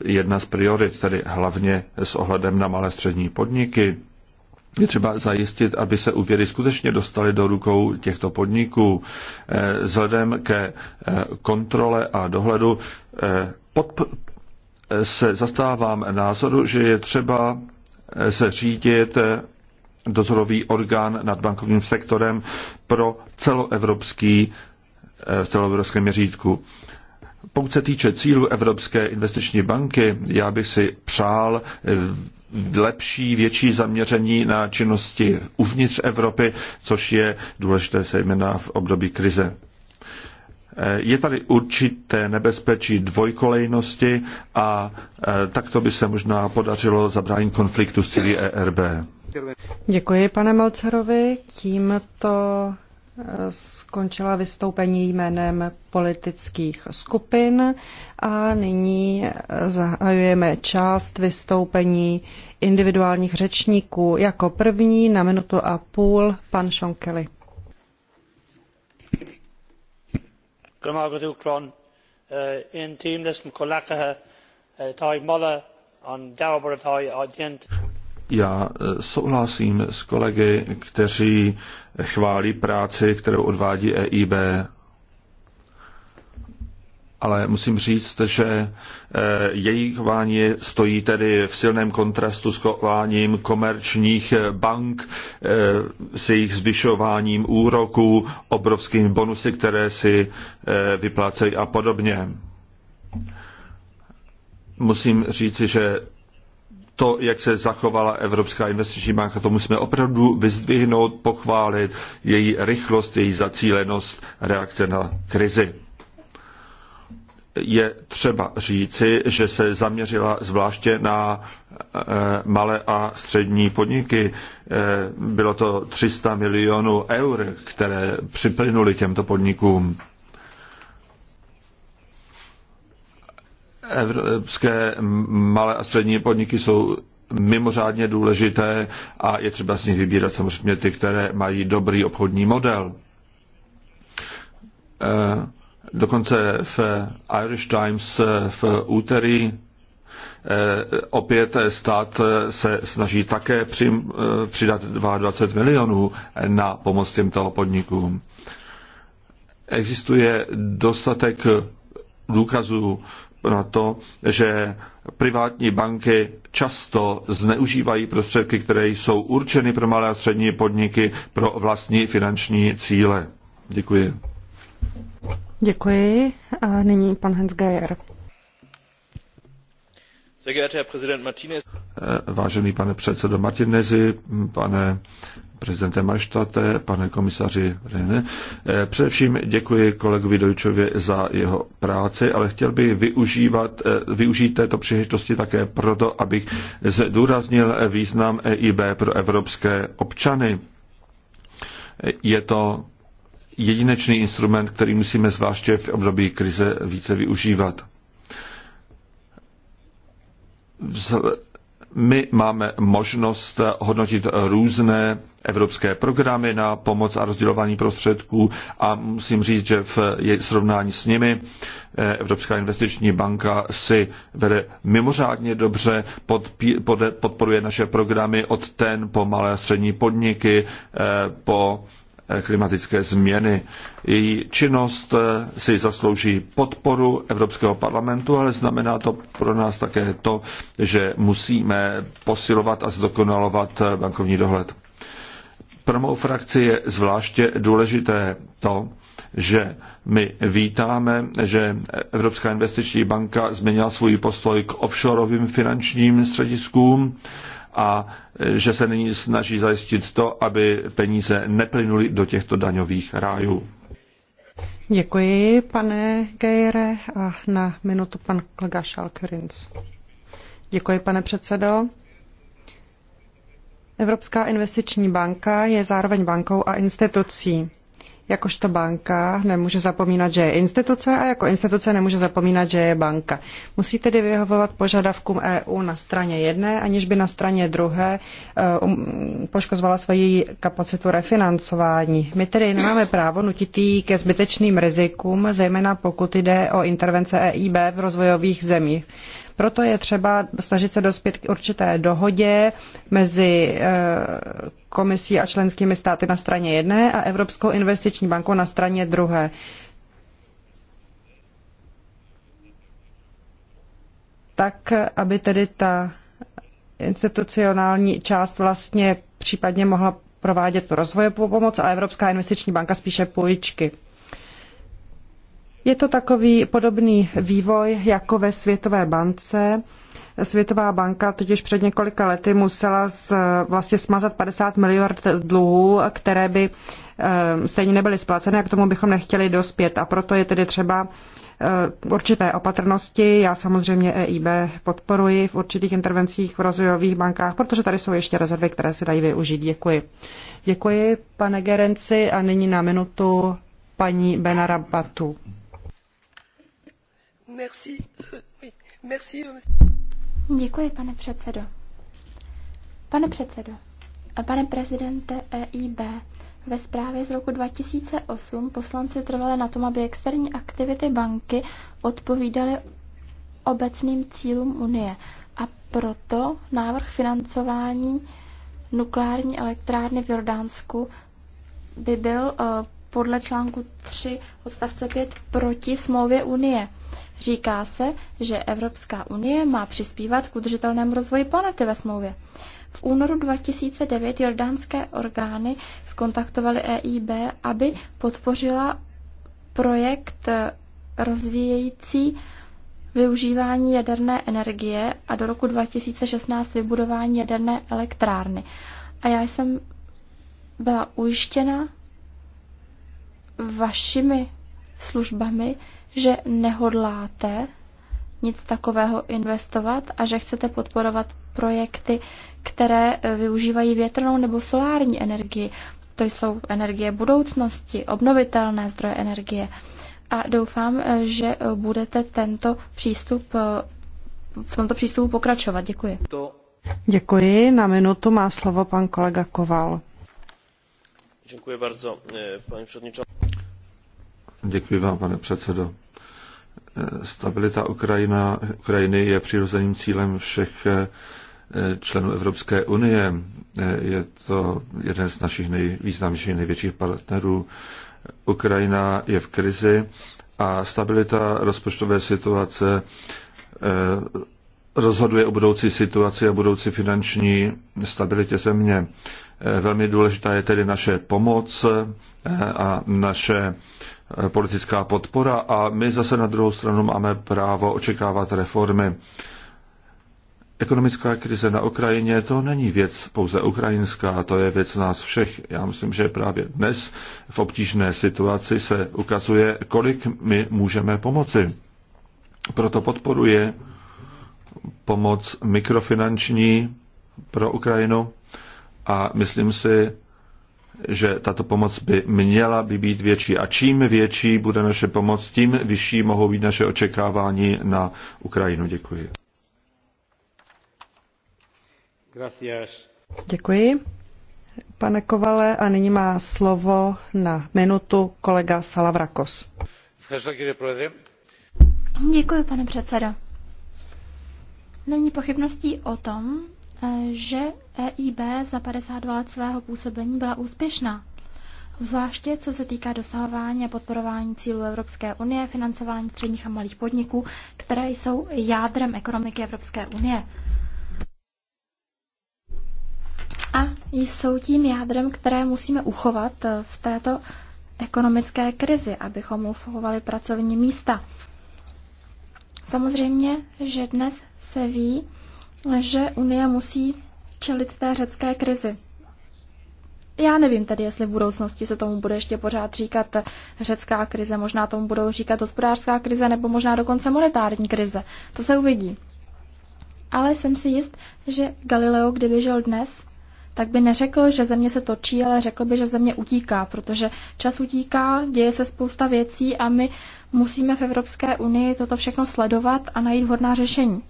jedna z priorit, tedy hlavně s ohledem na malé střední podniky je třeba zajistit, aby se úvěry skutečně dostaly do rukou těchto podniků. Eh, vzhledem ke eh, kontrole a dohledu eh, pod, se zastávám názoru, že je třeba řídit dozorový orgán nad bankovním sektorem pro celoevropský, v celoevropském měřítku. Pokud se týče cílu Evropské investiční banky, já bych si přál lepší, větší zaměření na činnosti uvnitř Evropy, což je důležité zejména v období krize. Eh, je tady určité nebezpečí dvojkolejnosti a eh, takto by se možná podařilo zabránit konfliktu s cílí ERB. Děkuji, pane Malcerovi. Tímto skončila vystoupení jménem politických skupin a nyní zahajujeme část vystoupení individuálních řečníků. Jako první na minutu a půl pan Šonkeli. Já e, souhlasím s kolegy, kteří chválí práci, kterou odvádí EIB. Ale musím říct, že e, její chování stojí tedy v silném kontrastu s chováním komerčních bank, e, s jejich zvyšováním úroků, obrovskými bonusy, které si vyplácejí a podobně musím říci, že to, jak se zachovala Evropská investiční banka, to musíme opravdu vyzdvihnout, pochválit, její rychlost, její zacílenost reakce na krizi. Je třeba říci, že se zaměřila zvláště na eh, malé a střední podniky. Eh, bylo to 300 milionů eur, které připlynuly těmto podnikům Evropské malé a střední podniky jsou mimořádně důležité a je třeba s nich vybírat samozřejmě ty, které mají dobrý obchodní model. Eh, dokonce v Irish Times eh, v úterý eh, opět stát se snaží také přidat 22 milionů na pomoc těmto podnikům. Existuje dostatek důkazů na to, že privátní banky často zneužívají prostředky, které jsou určeny pro malé a střední podniky pro vlastní finanční cíle. Děkuji. Děkuji. A nyní pan Hans Geier. Eh, vážený pane předsedo Martinezi, pane prezidente Majštate, pane komisaři Rene. Eh, především děkuji kolegovi Dojčovi za jeho práci, ale chtěl bych využívat, eh, využít této příležitosti také proto, abych zdůraznil význam EIB pro evropské občany. Je to jedinečný instrument, který musíme zvláště v období krize více využívat my máme možnost hodnotit různé evropské programy na pomoc a rozdělování prostředků a musím říct, že v srovnání s nimi eh, Evropská investiční banka si vede mimořádně dobře, podporuje naše programy od ten po malé a střední podniky, eh, po klimatické změny. Její činnost eh, si zaslouží podporu Evropského parlamentu, ale znamená to pro nás také to, že musíme posilovat a zdokonalovat eh, bankovní dohled. Pro mou frakci je zvláště důležité to, že my vítáme, že Evropská investiční banka změnila svůj postoj k offshoreovým finančním střediskům a e, že se nyní snaží zajistit to, aby peníze neplynuly do těchto daňových rájů. Děkuji, pane Geire, A na minutu pan kolega Šalkerins. Děkuji, pane předsedo. Evropská investiční banka je zároveň bankou a institucí jakožto banka nemůže zapomínat, že je instituce a jako instituce nemůže zapomínat, že je banka. Musí tedy vyhovovat požadavkům EU na straně jedné, aniž by na straně druhé e, um, poškozovala svoji kapacitu refinancování. My tedy nemáme právo nutit jí ke zbytečným rizikům, zejména pokud jde o intervence EIB v rozvojových zemích. Proto je třeba snažit se dospět k určité dohodě mezi eh, komisí a členskými státy na straně jedné a Evropskou investiční bankou na straně druhé. Tak, aby tedy ta institucionální část vlastně případně mohla provádět tu rozvojovou pomoc a Evropská investiční banka spíše půjčky. Je to takový podobný vývoj jako ve Světové bance. Světová banka totiž před několika lety musela z, vlastně smazat 50 miliard dluhů, které by eh, stejně nebyly splaceny a k tomu bychom nechtěli dospět. A proto je tedy třeba eh, určité opatrnosti. Já samozřejmě EIB podporuji v určitých intervencích v rozvojových bankách, protože tady jsou ještě rezervy, které se dají využít. Děkuji. Děkuji, pane Gerenci, a nyní na minutu paní Benarabatu. Euh, Děkuji, pane předsedo. Pane předsedo, a pane prezidente EIB, ve zprávě z roku 2008 poslanci trvali na tom, aby externí aktivity banky odpovídaly obecným cílům Unie. A proto návrh financování nukleární elektrárny v Jordánsku by byl eh, podle článku 3 odstavce 5 proti smlouvě Unie. Říká se, že Evropská unie má přispívat k udržitelnému rozvoji planety ve smlouvě. V únoru 2009 jordánské orgány skontaktovaly EIB, aby podpořila projekt rozvíjející využívání jaderné energie a do roku 2016 vybudování jaderné elektrárny. A já jsem byla ujištěna vašimi službami, že nehodláte nic takového investovat a že chcete podporovat projekty, které eh, využívají větrnou nebo solární energii. To jsou energie budoucnosti, obnovitelné zdroje energie. A doufám, eh, že eh, budete tento přístup, v tomto přístupu pokračovat. Děkuji. Děkuji. Na minutu má slovo pan kolega Koval. Děkuji bardzo, paní předničanka. Děkuji vám, pane předsedo. Stabilita Ukrajina, Ukrajiny je přirozeným cílem všech eh, členů Evropské unie. Eh, je to jeden z našich nejvýznamnějších, největších partnerů. Ukrajina je v krizi a stabilita rozpočtové situace eh, rozhoduje o budoucí situaci a budoucí finanční stabilitě země. Velmi důležitá je tedy naše pomoc eh, a naše eh, politická podpora a my zase na druhou stranu máme právo očekávat reformy. Ekonomická krize na Ukrajině to není věc pouze ukrajinská, to je věc nás všech. Já myslím, že právě dnes v obtížné situaci se ukazuje, kolik my můžeme pomoci. Proto podporuje pomoc mikrofinanční pro Ukrajinu a myslím si, že tato pomoc by měla by být větší. A čím větší bude naše pomoc, tím vyšší mohou být naše očekávání na Ukrajinu. Děkuji. Gracias. Děkuji. Pane Kovale, a nyní má slovo na minutu kolega Salavrakos. Děkuji, pane předsedo. Není pochybností o tom, že EIB za 52 let svého působení byla úspěšná. Zvláště co se týká dosahování a podporování cílů Evropské unie, financování středních a malých podniků, které jsou jádrem ekonomiky Evropské unie. A jsou tím jádrem, které musíme uchovat eh, v této ekonomické krizi, abychom uchovali pracovní místa. Samozřejmě, že dnes se ví, že Unie musí čelit té řecké krizi. Já nevím tedy, jestli v budoucnosti se tomu bude ještě pořád říkat řecká krize, možná tomu budou říkat hospodářská krize nebo možná dokonce monetární krize. To se uvidí. Ale jsem si jist, že Galileo, kdyby žil dnes, tak by neřekl, že země se točí, ale řekl by, že země utíká, protože čas utíká, děje se spousta věcí a my musíme v Evropské unii toto všechno sledovat a najít vhodná řešení.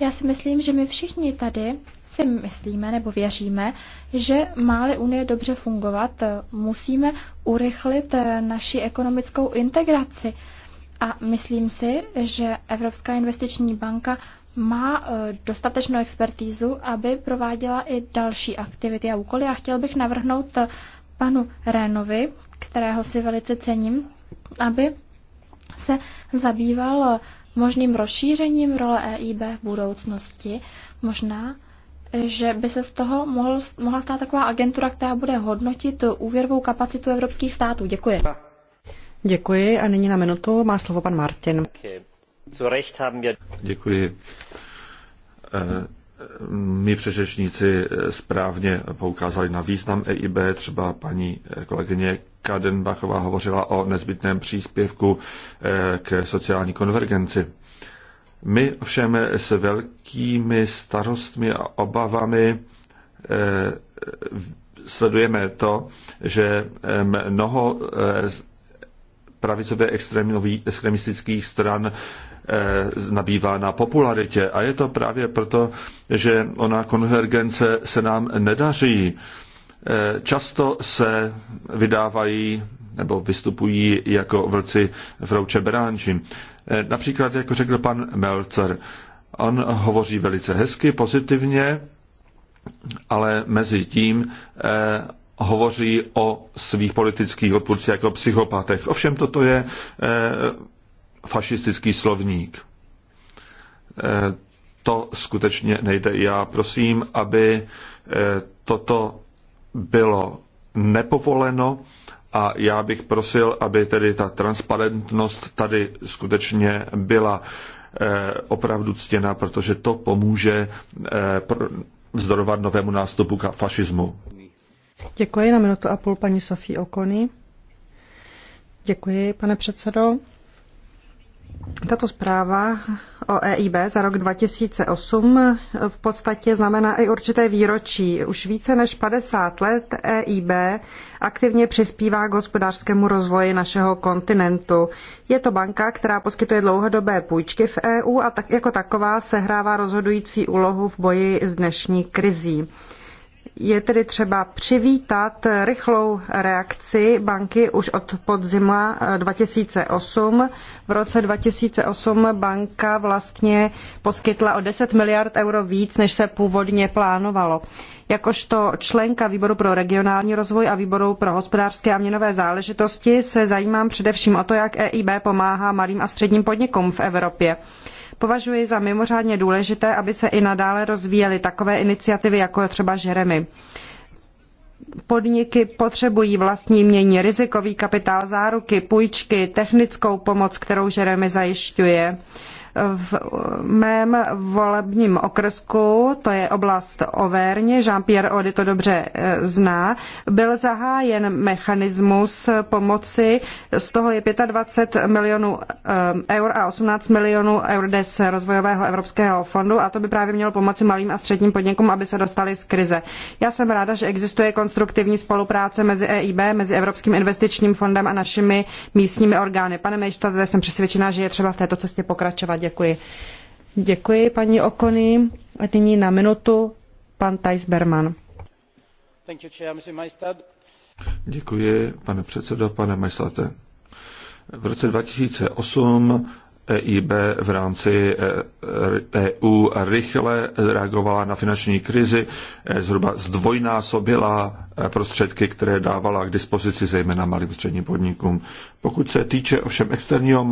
Já si myslím, že my všichni tady si myslíme nebo věříme, že máli Unie dobře fungovat, musíme urychlit eh, naši ekonomickou integraci. A myslím si, že Evropská investiční banka má eh, dostatečnou expertízu, aby prováděla i další aktivity a úkoly. A chtěl bych navrhnout eh, panu Rénovi, kterého si velice cením, aby se zabýval možným rozšířením role EIB v budoucnosti. Možná, že by se z toho mohl, mohla stát taková agentura, která bude hodnotit úvěrovou kapacitu evropských států. Děkuji. Děkuji a nyní na minutu má slovo pan Martin. Děkuji my přeřečníci správně poukázali na význam EIB, třeba paní kolegyně Kadenbachová hovořila o nezbytném příspěvku eh, k sociální konvergenci. My všem s velkými starostmi a obavami eh, sledujeme to, že eh, mnoho pravicově extremistických stran Eh, nabývá na popularitě. A je to právě proto, že ona konvergence se nám nedaří. Eh, často se vydávají nebo vystupují jako vlci v rouče beránči. Eh, například, jako řekl pan Melcer, on hovoří velice hezky, pozitivně, ale mezi tím hovoří o svých politických odpůrcích jako psychopatech. Ovšem toto je fašistický slovník. Eh, to skutečně nejde. Já prosím, aby eh, toto bylo nepovoleno a já bych prosil, aby tedy ta transparentnost tady skutečně byla eh, opravdu ctěna, protože to pomůže vzdorovat novému nástupu k fašismu. Děkuji na minutu a půl paní Sofí Okony. Děkuji, pane předsedo. Tato zpráva o EIB za rok 2008 v podstatě znamená i určité výročí. Už více než 50 let EIB aktivně přispívá k hospodářskému rozvoji našeho kontinentu. Je to banka, která poskytuje dlouhodobé půjčky v EU a tak, jako taková sehrává rozhodující úlohu v boji s dnešní krizí. Je tedy třeba přivítat rychlou reakci banky už od podzima 2008. Eh, v roce 2008 banka vlastně poskytla o 10 miliard euro víc, než se původně plánovalo. Jakožto členka výboru pro regionální rozvoj a výboru pro hospodářské a měnové záležitosti se zajímám především o to, jak EIB pomáhá malým a středním podnikům v Evropě. Považuji za mimořádně důležité, aby se i nadále rozvíjely takové iniciativy, jako třeba Jeremy podniky potřebují vlastní mění, rizikový kapitál, záruky, půjčky, technickou pomoc, kterou Jeremy zajišťuje. V mém volebním okrsku, to je oblast Overně, Jean-Pierre Ody to dobře eh, zná, byl zahájen mechanismus pomoci, z toho je 25 eh, milionů eur a 18 milionů eur z rozvojového evropského fondu a to by právě mělo pomoci malým a středním podnikům, aby se dostali z krize. Já jsem ráda, že existuje konstruktivní spolupráce mezi EIB, mezi Evropským investičním fondem a našimi místními orgány. Pane Mejštadle, jsem přesvědčena, že je třeba v této cestě pokračovat. Děkuji. Děkuji, paní Okony. A nyní na minutu pan Thijs Berman. Děkuji, pane předsedo, pane Majstate. V roce 2008 EIB v rámci EU e rychle reagovala na finanční krizi, e, zhruba zdvojnásobila e, prostředky, které dávala k dispozici zejména malým středním podnikům. Pokud se týče ovšem externího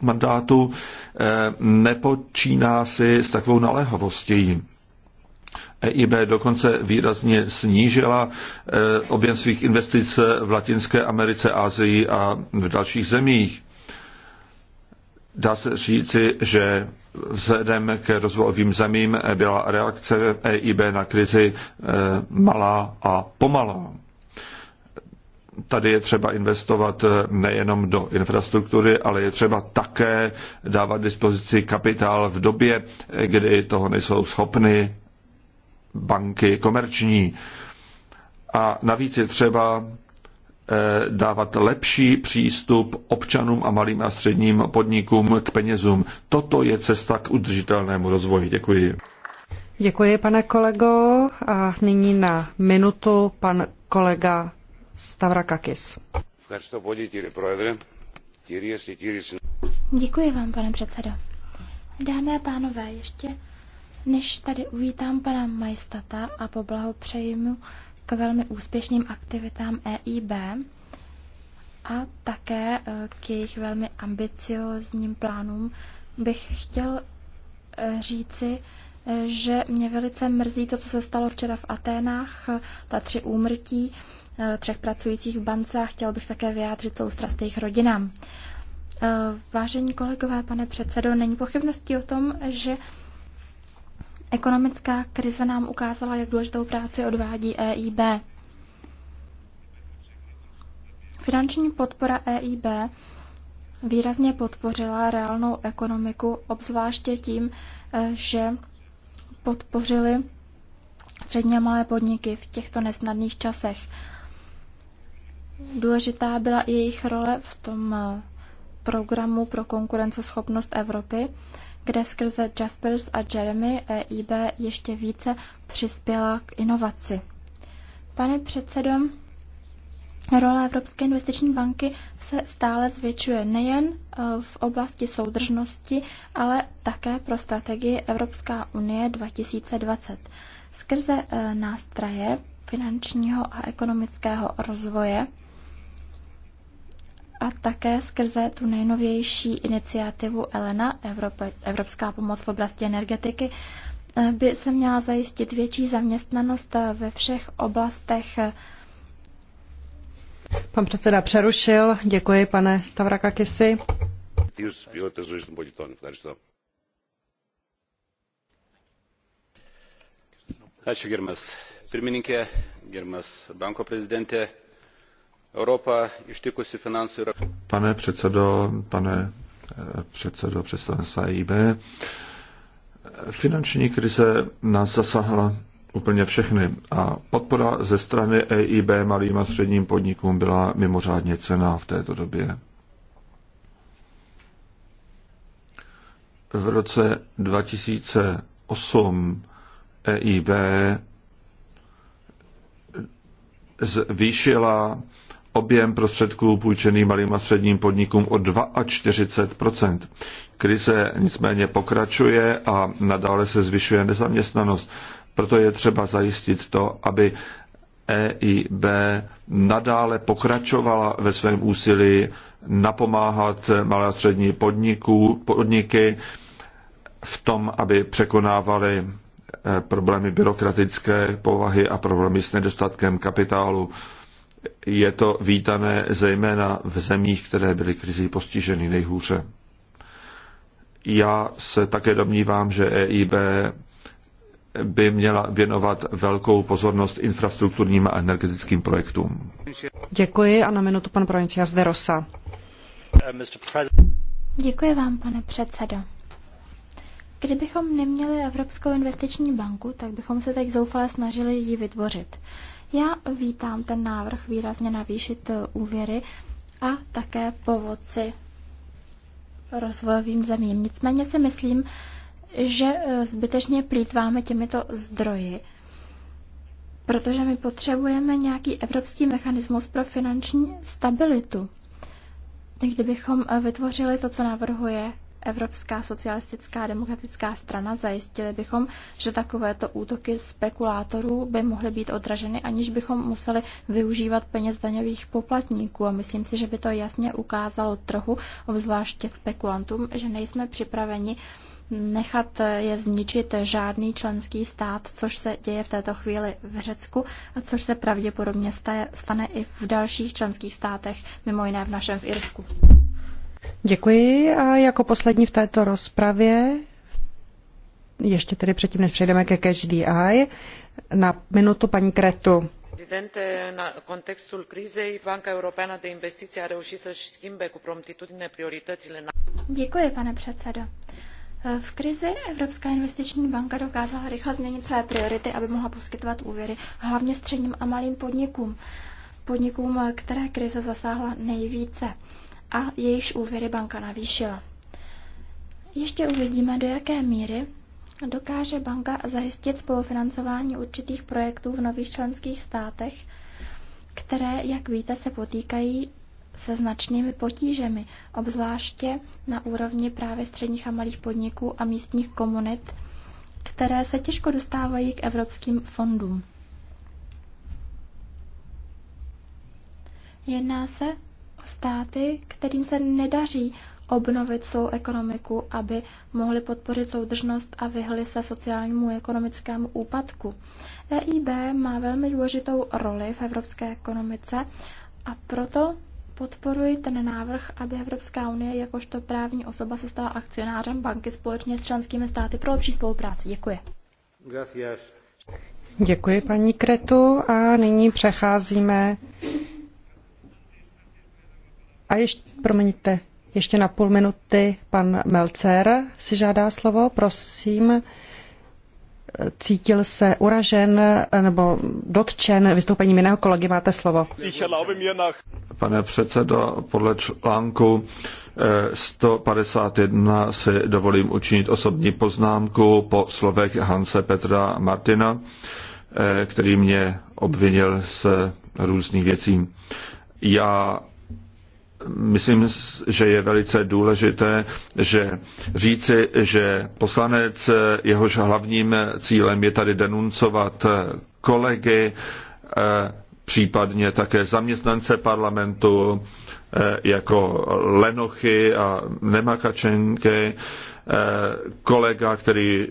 mandátu, nepočíná si s takovou naléhavostí. EIB dokonce výrazně snížila objem svých investic v Latinské Americe, Asii a v dalších zemích. Dá se říci, že vzhledem k rozvojovým zemím byla reakce EIB na krizi eh, malá a pomalá. Tady je třeba investovat eh, nejenom do infrastruktury, ale je třeba také dávat dispozici kapitál v době, kdy toho nejsou schopny banky komerční. A navíc je třeba Eh, dávat lepší přístup občanům a malým a středním podnikům k penězům. Toto je cesta k udržitelnému rozvoji. Děkuji. Děkuji, pane kolego. A nyní na minutu pan kolega Stavrakakis. Děkuji vám, pane předsedo. Dámy a pánové, ještě než tady uvítám pana Majstata a poblahopřeji mu k velmi úspěšným aktivitám EIB a také eh, k jejich velmi ambiciozním plánům bych chtěl eh, říci, eh, že mě velice mrzí to, co se stalo včera v Aténách, ta tři úmrtí třech pracujících v bance a chtěl bych také vyjádřit soustrast jejich rodinám. Vážení kolegové, pane předsedo, není pochybností o tom, že Ekonomická krize nám ukázala, jak důležitou práci odvádí EIB. Finanční podpora EIB výrazně podpořila reálnou ekonomiku, obzvláště tím, eh, že podpořili středně malé podniky v těchto nesnadných časech. Důležitá byla i jejich role v tom eh, programu pro konkurenceschopnost Evropy, kde skrze Jaspers a Jeremy EIB ještě více přispěla k inovaci. Pane předsedo, role Evropské investiční banky se stále zvětšuje nejen e, v oblasti soudržnosti, ale také pro strategii Evropská unie 2020. Skrze e, nástroje finančního a ekonomického rozvoje a také skrze tu nejnovější iniciativu Elena, Evropská pomoc v oblasti energetiky, eh, by se měla zajistit větší zaměstnanost eh, ve všech oblastech. Pan předseda přerušil. Děkuji, pane Stavrakakisi. Ačiū, gerbiamas pirmininkė, gerbiamas banko prezidentė, Europa ištikusi finansů. Pane předsedo, pane eh, předsedo představenstva EIB, eh, finanční krize nás zasahla úplně všechny a podpora ze strany EIB malým a středním podnikům byla mimořádně cená v této době. V roce 2008 EIB zvýšila objem prostředků půjčený malým a středním podnikům o 42 Krize nicméně pokračuje a nadále se zvyšuje nezaměstnanost. Proto je třeba zajistit to, aby EIB nadále pokračovala ve svém úsilí napomáhat malé a střední podniků, podniky v tom, aby překonávali eh, problémy byrokratické povahy a problémy s nedostatkem kapitálu je to vítané zejména v zemích, které byly krizí postiženy nejhůře. Já se také domnívám, že EIB by měla věnovat velkou pozornost infrastrukturním a energetickým projektům. Děkuji a na minutu pan Provincias de Rosa. Děkuji vám, pane předsedo. Kdybychom neměli Evropskou investiční banku, tak bychom se teď zoufale snažili ji vytvořit. Já vítám ten návrh výrazně navýšit eh, úvěry a také povoci rozvojovým zemím. Nicméně si myslím, že eh, zbytečně plítváme těmito zdroji, protože my potřebujeme nějaký evropský mechanismus pro finanční stabilitu. Kdybychom eh, vytvořili to, co navrhuje Evropská socialistická demokratická strana, zajistili bychom, že takovéto útoky spekulátorů by mohly být odraženy, aniž bychom museli využívat peněz daňových poplatníků. A myslím si, že by to jasně ukázalo trhu, obzvláště spekulantům, že nejsme připraveni nechat je zničit žádný členský stát, což se děje v této chvíli v Řecku a což se pravděpodobně stane i v dalších členských státech, mimo jiné v našem v Irsku. Děkuji a jako poslední v této rozpravě, ještě tedy předtím, než přejdeme ke Catch the na minutu paní Kretu în contextul crizei banca europeană de investiții a reușit să și schimbe cu promptitudine prioritățile V krizi Evropská investiční banka dokázala rychle změnit své priority, aby mohla poskytovat úvěry hlavně středním a malým podnikům. Podnikům, které krize zasáhla nejvíce a jejichž úvěry banka navýšila. Ještě uvidíme, do jaké míry dokáže banka zajistit spolufinancování určitých projektů v nových členských státech, které, jak víte, se potýkají se značnými potížemi, obzvláště na úrovni právě středních a malých podniků a místních komunit, které se těžko dostávají k evropským fondům. Jedná se státy, kterým se nedaří obnovit svou ekonomiku, aby mohli podpořit soudržnost a vyhli se sociálnímu ekonomickému úpadku. EIB má velmi důležitou roli v evropské ekonomice a proto podporuji ten návrh, aby Evropská unie jakožto právní osoba se stala akcionářem banky společně s členskými státy pro lepší spolupráci. Děkuji. Gracias. Děkuji paní Kretu a nyní přecházíme a ještě, promiňte, ještě na půl minuty pan Melcer si žádá slovo, prosím. Cítil se uražen nebo dotčen vystoupením jiného kolegy. Máte slovo. Pane předsedo, podle článku 151 eh, si dovolím učinit osobní poznámku po slovech Hanse Petra Martina, eh, který mě obvinil se různých věcí. Já myslím, že je velice důležité, že říci, že poslanec, jehož hlavním cílem je tady denuncovat kolegy, eh, případně také zaměstnance parlamentu, eh, jako lenochy a nemakačenky, eh, kolega, který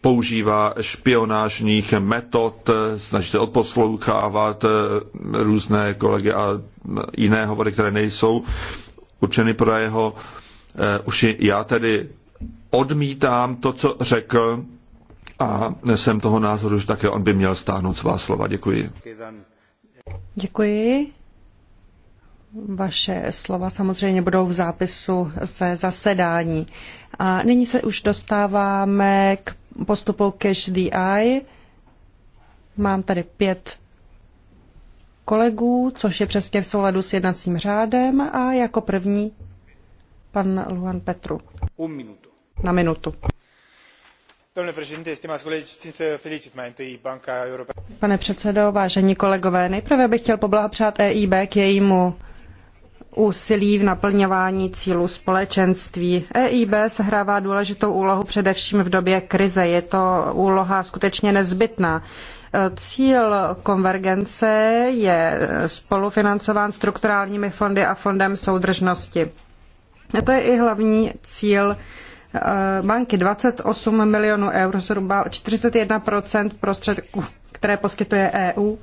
používá špionážních metod, snaží se odposlouchávat eh, různé kolegy a jiné hovory, které nejsou určeny pro jeho eh, uši. Já tedy odmítám to, co řekl a jsem toho názoru, že také on by měl stáhnout svá slova. Děkuji. Děkuji. Vaše slova samozřejmě budou v zápisu ze zasedání. A nyní se už dostáváme k postupou Cash the Eye. Mám tady pět kolegů, což je přesně v souladu s jednacím řádem a jako první pan Luan Petru. Un minuto. Na minutu. Pane předsedo, vážení kolegové, nejprve bych chtěl poblahopřát EIB k jejímu úsilí v naplňování cílů společenství. EIB sehrává důležitou úlohu především v době krize. Je to úloha skutečně nezbytná. E, cíl konvergence je spolufinancován strukturálními fondy a fondem soudržnosti. A to je i hlavní cíl e, banky 28 milionů eur, zhruba 41 prostředků, které poskytuje EU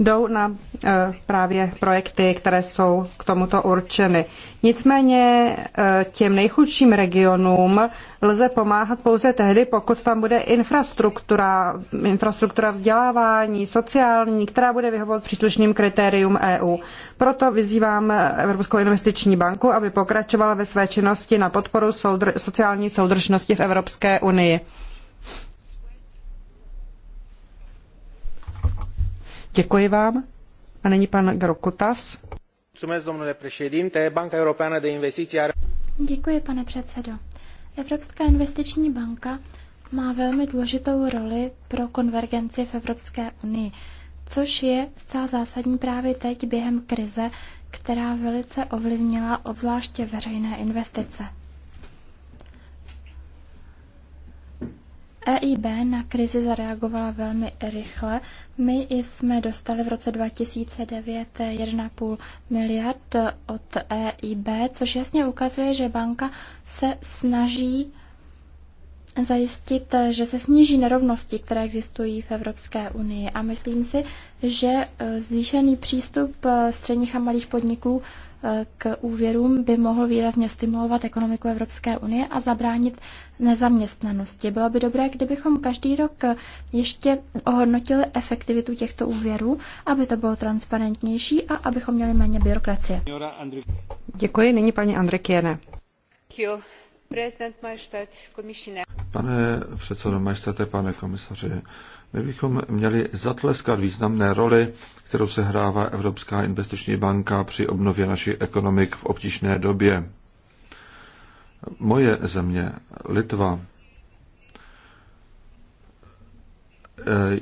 jdou na e, právě projekty, které jsou k tomuto určeny. Nicméně e, těm nejchudším regionům lze pomáhat pouze tehdy, pokud tam bude infrastruktura, infrastruktura vzdělávání, sociální, která bude vyhovovat příslušným kritériům EU. Proto vyzývám Evropskou investiční banku, aby pokračovala ve své činnosti na podporu soudr- sociální soudržnosti v Evropské unii. Děkuji vám. A nyní pan Grokutas. Banka Europeană de Investiții are... Děkuji, pane předsedo. Evropská investiční banka má velmi důležitou roli pro konvergenci v Evropské unii, což je zcela zásadní právě teď během krize, která velice ovlivnila obzvláště veřejné investice. EIB na krizi zareagovala velmi rychle. My jsme dostali v roce 2009 1,5 miliard od EIB, což jasně ukazuje, že banka se snaží zajistit, že se sníží nerovnosti, které existují v Evropské unii. A myslím si, že e, zvýšený přístup e, středních a malých podniků k úvěrům by mohl výrazně stimulovat ekonomiku Evropské unie a zabránit nezaměstnanosti. Bylo by dobré, kdybychom každý rok ještě ohodnotili efektivitu těchto úvěrů, aby to bylo transparentnější a abychom měli méně byrokracie. Děkuji. Nyní paní Andrikiene. Pane předsedo majestate, pane komisaři, my bychom měli zatleskat významné roli, kterou se hrává Evropská investiční banka při obnově našich ekonomik v obtížné době. Moje země, Litva, eh,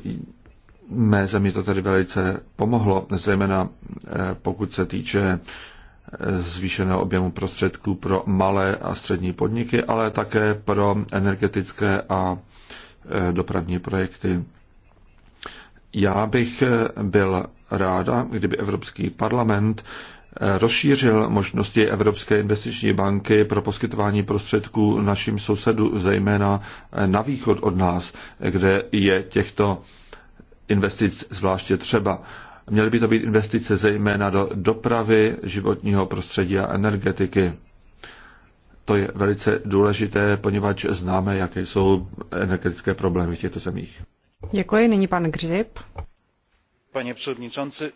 mé zemi to tady velice pomohlo, zejména eh, pokud se týče eh, zvýšeného objemu prostředků pro malé a střední podniky, ale také pro energetické a dopravní projekty. Já bych eh, byl ráda, kdyby Evropský parlament eh, rozšířil možnosti Evropské investiční banky pro poskytování prostředků našim sousedům, zejména eh, na východ od nás, kde je těchto investic zvláště třeba. Měly by to být investice zejména do dopravy, životního prostředí a energetiky. To je velice důležité, poněvadž známe, jaké jsou energetické problémy v těchto zemích nyní pan Grzyb. Panie przewodniczący,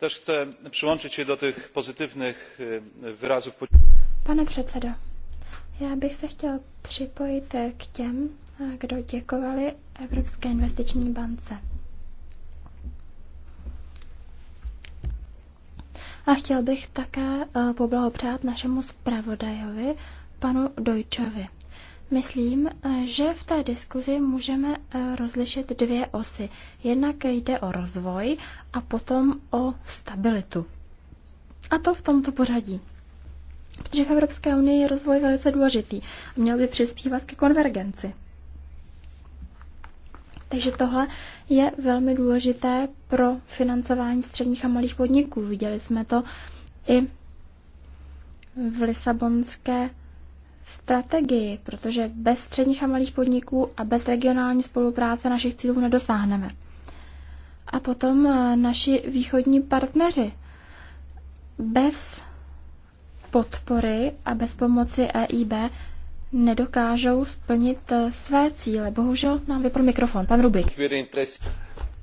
też chcę przyłączyć się do tych pozytywnych wyrazów. Eh, Pane předsedo, já bych se chtěl připojit eh, k těm, eh, kdo děkovali Evropské investiční bance. A chtěl bych také poblahopřát našemu zpravodajovi, panu Dojčovi. Myslím, že v té diskuzi můžeme eh, rozlišit dvě osy. Jednak jde o rozvoj a potom o stabilitu. A to v tomto pořadí. Protože v Evropské unii je rozvoj velice důležitý a měl by přispívat ke konvergenci. Takže tohle je velmi důležité pro financování středních a malých podniků. Viděli jsme to i v Lisabonské strategii, protože bez středních a malých podniků a bez regionální spolupráce našich cílů nedosáhneme. A potom eh, naši východní partneři. Bez podpory a bez pomoci EIB nedokážou splnit eh, své cíle. Bohužel nám vypr mikrofon. Pan Rubik.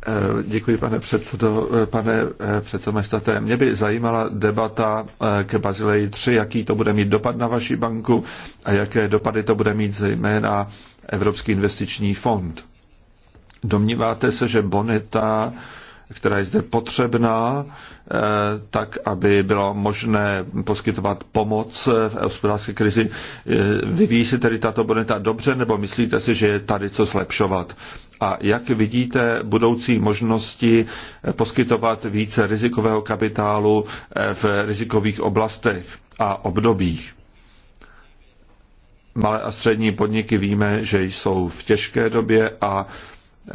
Eh, děkuji, pane předsedo. Eh, pane eh, předsedo Mestaté, mě by zajímala debata ke Bazileji 3, jaký to bude mít dopad na vaši banku a jaké dopady to bude mít zejména Evropský investiční fond. Domníváte se, že bonita, která je zde potřebná, tak aby bylo možné poskytovat pomoc v hospodářské krizi, vyvíjí se tedy tato bonita dobře, nebo myslíte si, že je tady co zlepšovat? a jak vidíte budoucí možnosti poskytovat více rizikového kapitálu eh, v rizikových oblastech a obdobích. Malé a střední podniky víme, že jsou v těžké době a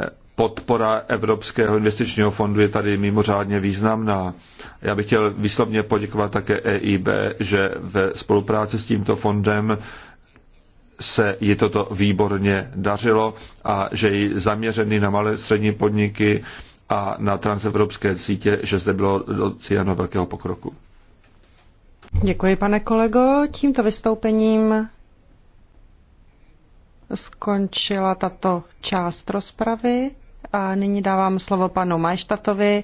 eh, podpora Evropského investičního fondu je tady mimořádně významná. Já bych chtěl výslovně poděkovat také EIB, že ve spolupráci s tímto fondem se jí toto výborně dařilo a že ji zaměřený na malé střední podniky a na transevropské sítě, že zde bylo docíleno velkého pokroku. Děkuji, pane kolego. Tímto vystoupením skončila tato část rozpravy a nyní dávám slovo panu Majštatovi,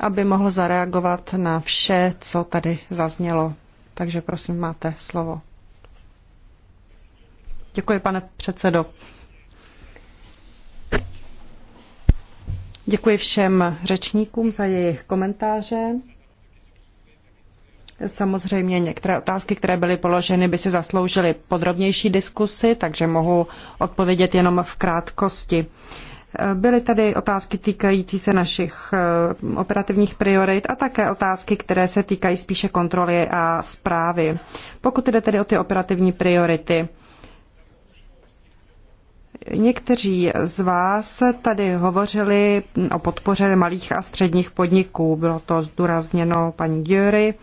aby mohl zareagovat na vše, co tady zaznělo. Takže prosím, máte slovo. Děkuji, pane předsedo. Děkuji všem řečníkům za jejich komentáře. Samozřejmě některé otázky, které byly položeny, by si zasloužily podrobnější diskusy, takže mohu odpovědět jenom v krátkosti. Byly tady otázky týkající se našich eh, operativních priorit a také otázky, které se týkají spíše kontroly a zprávy. Pokud jde tedy o ty operativní priority, Někteří z vás tady hovořili o podpoře malých a středních podniků. Bylo to zdůrazněno paní Dury,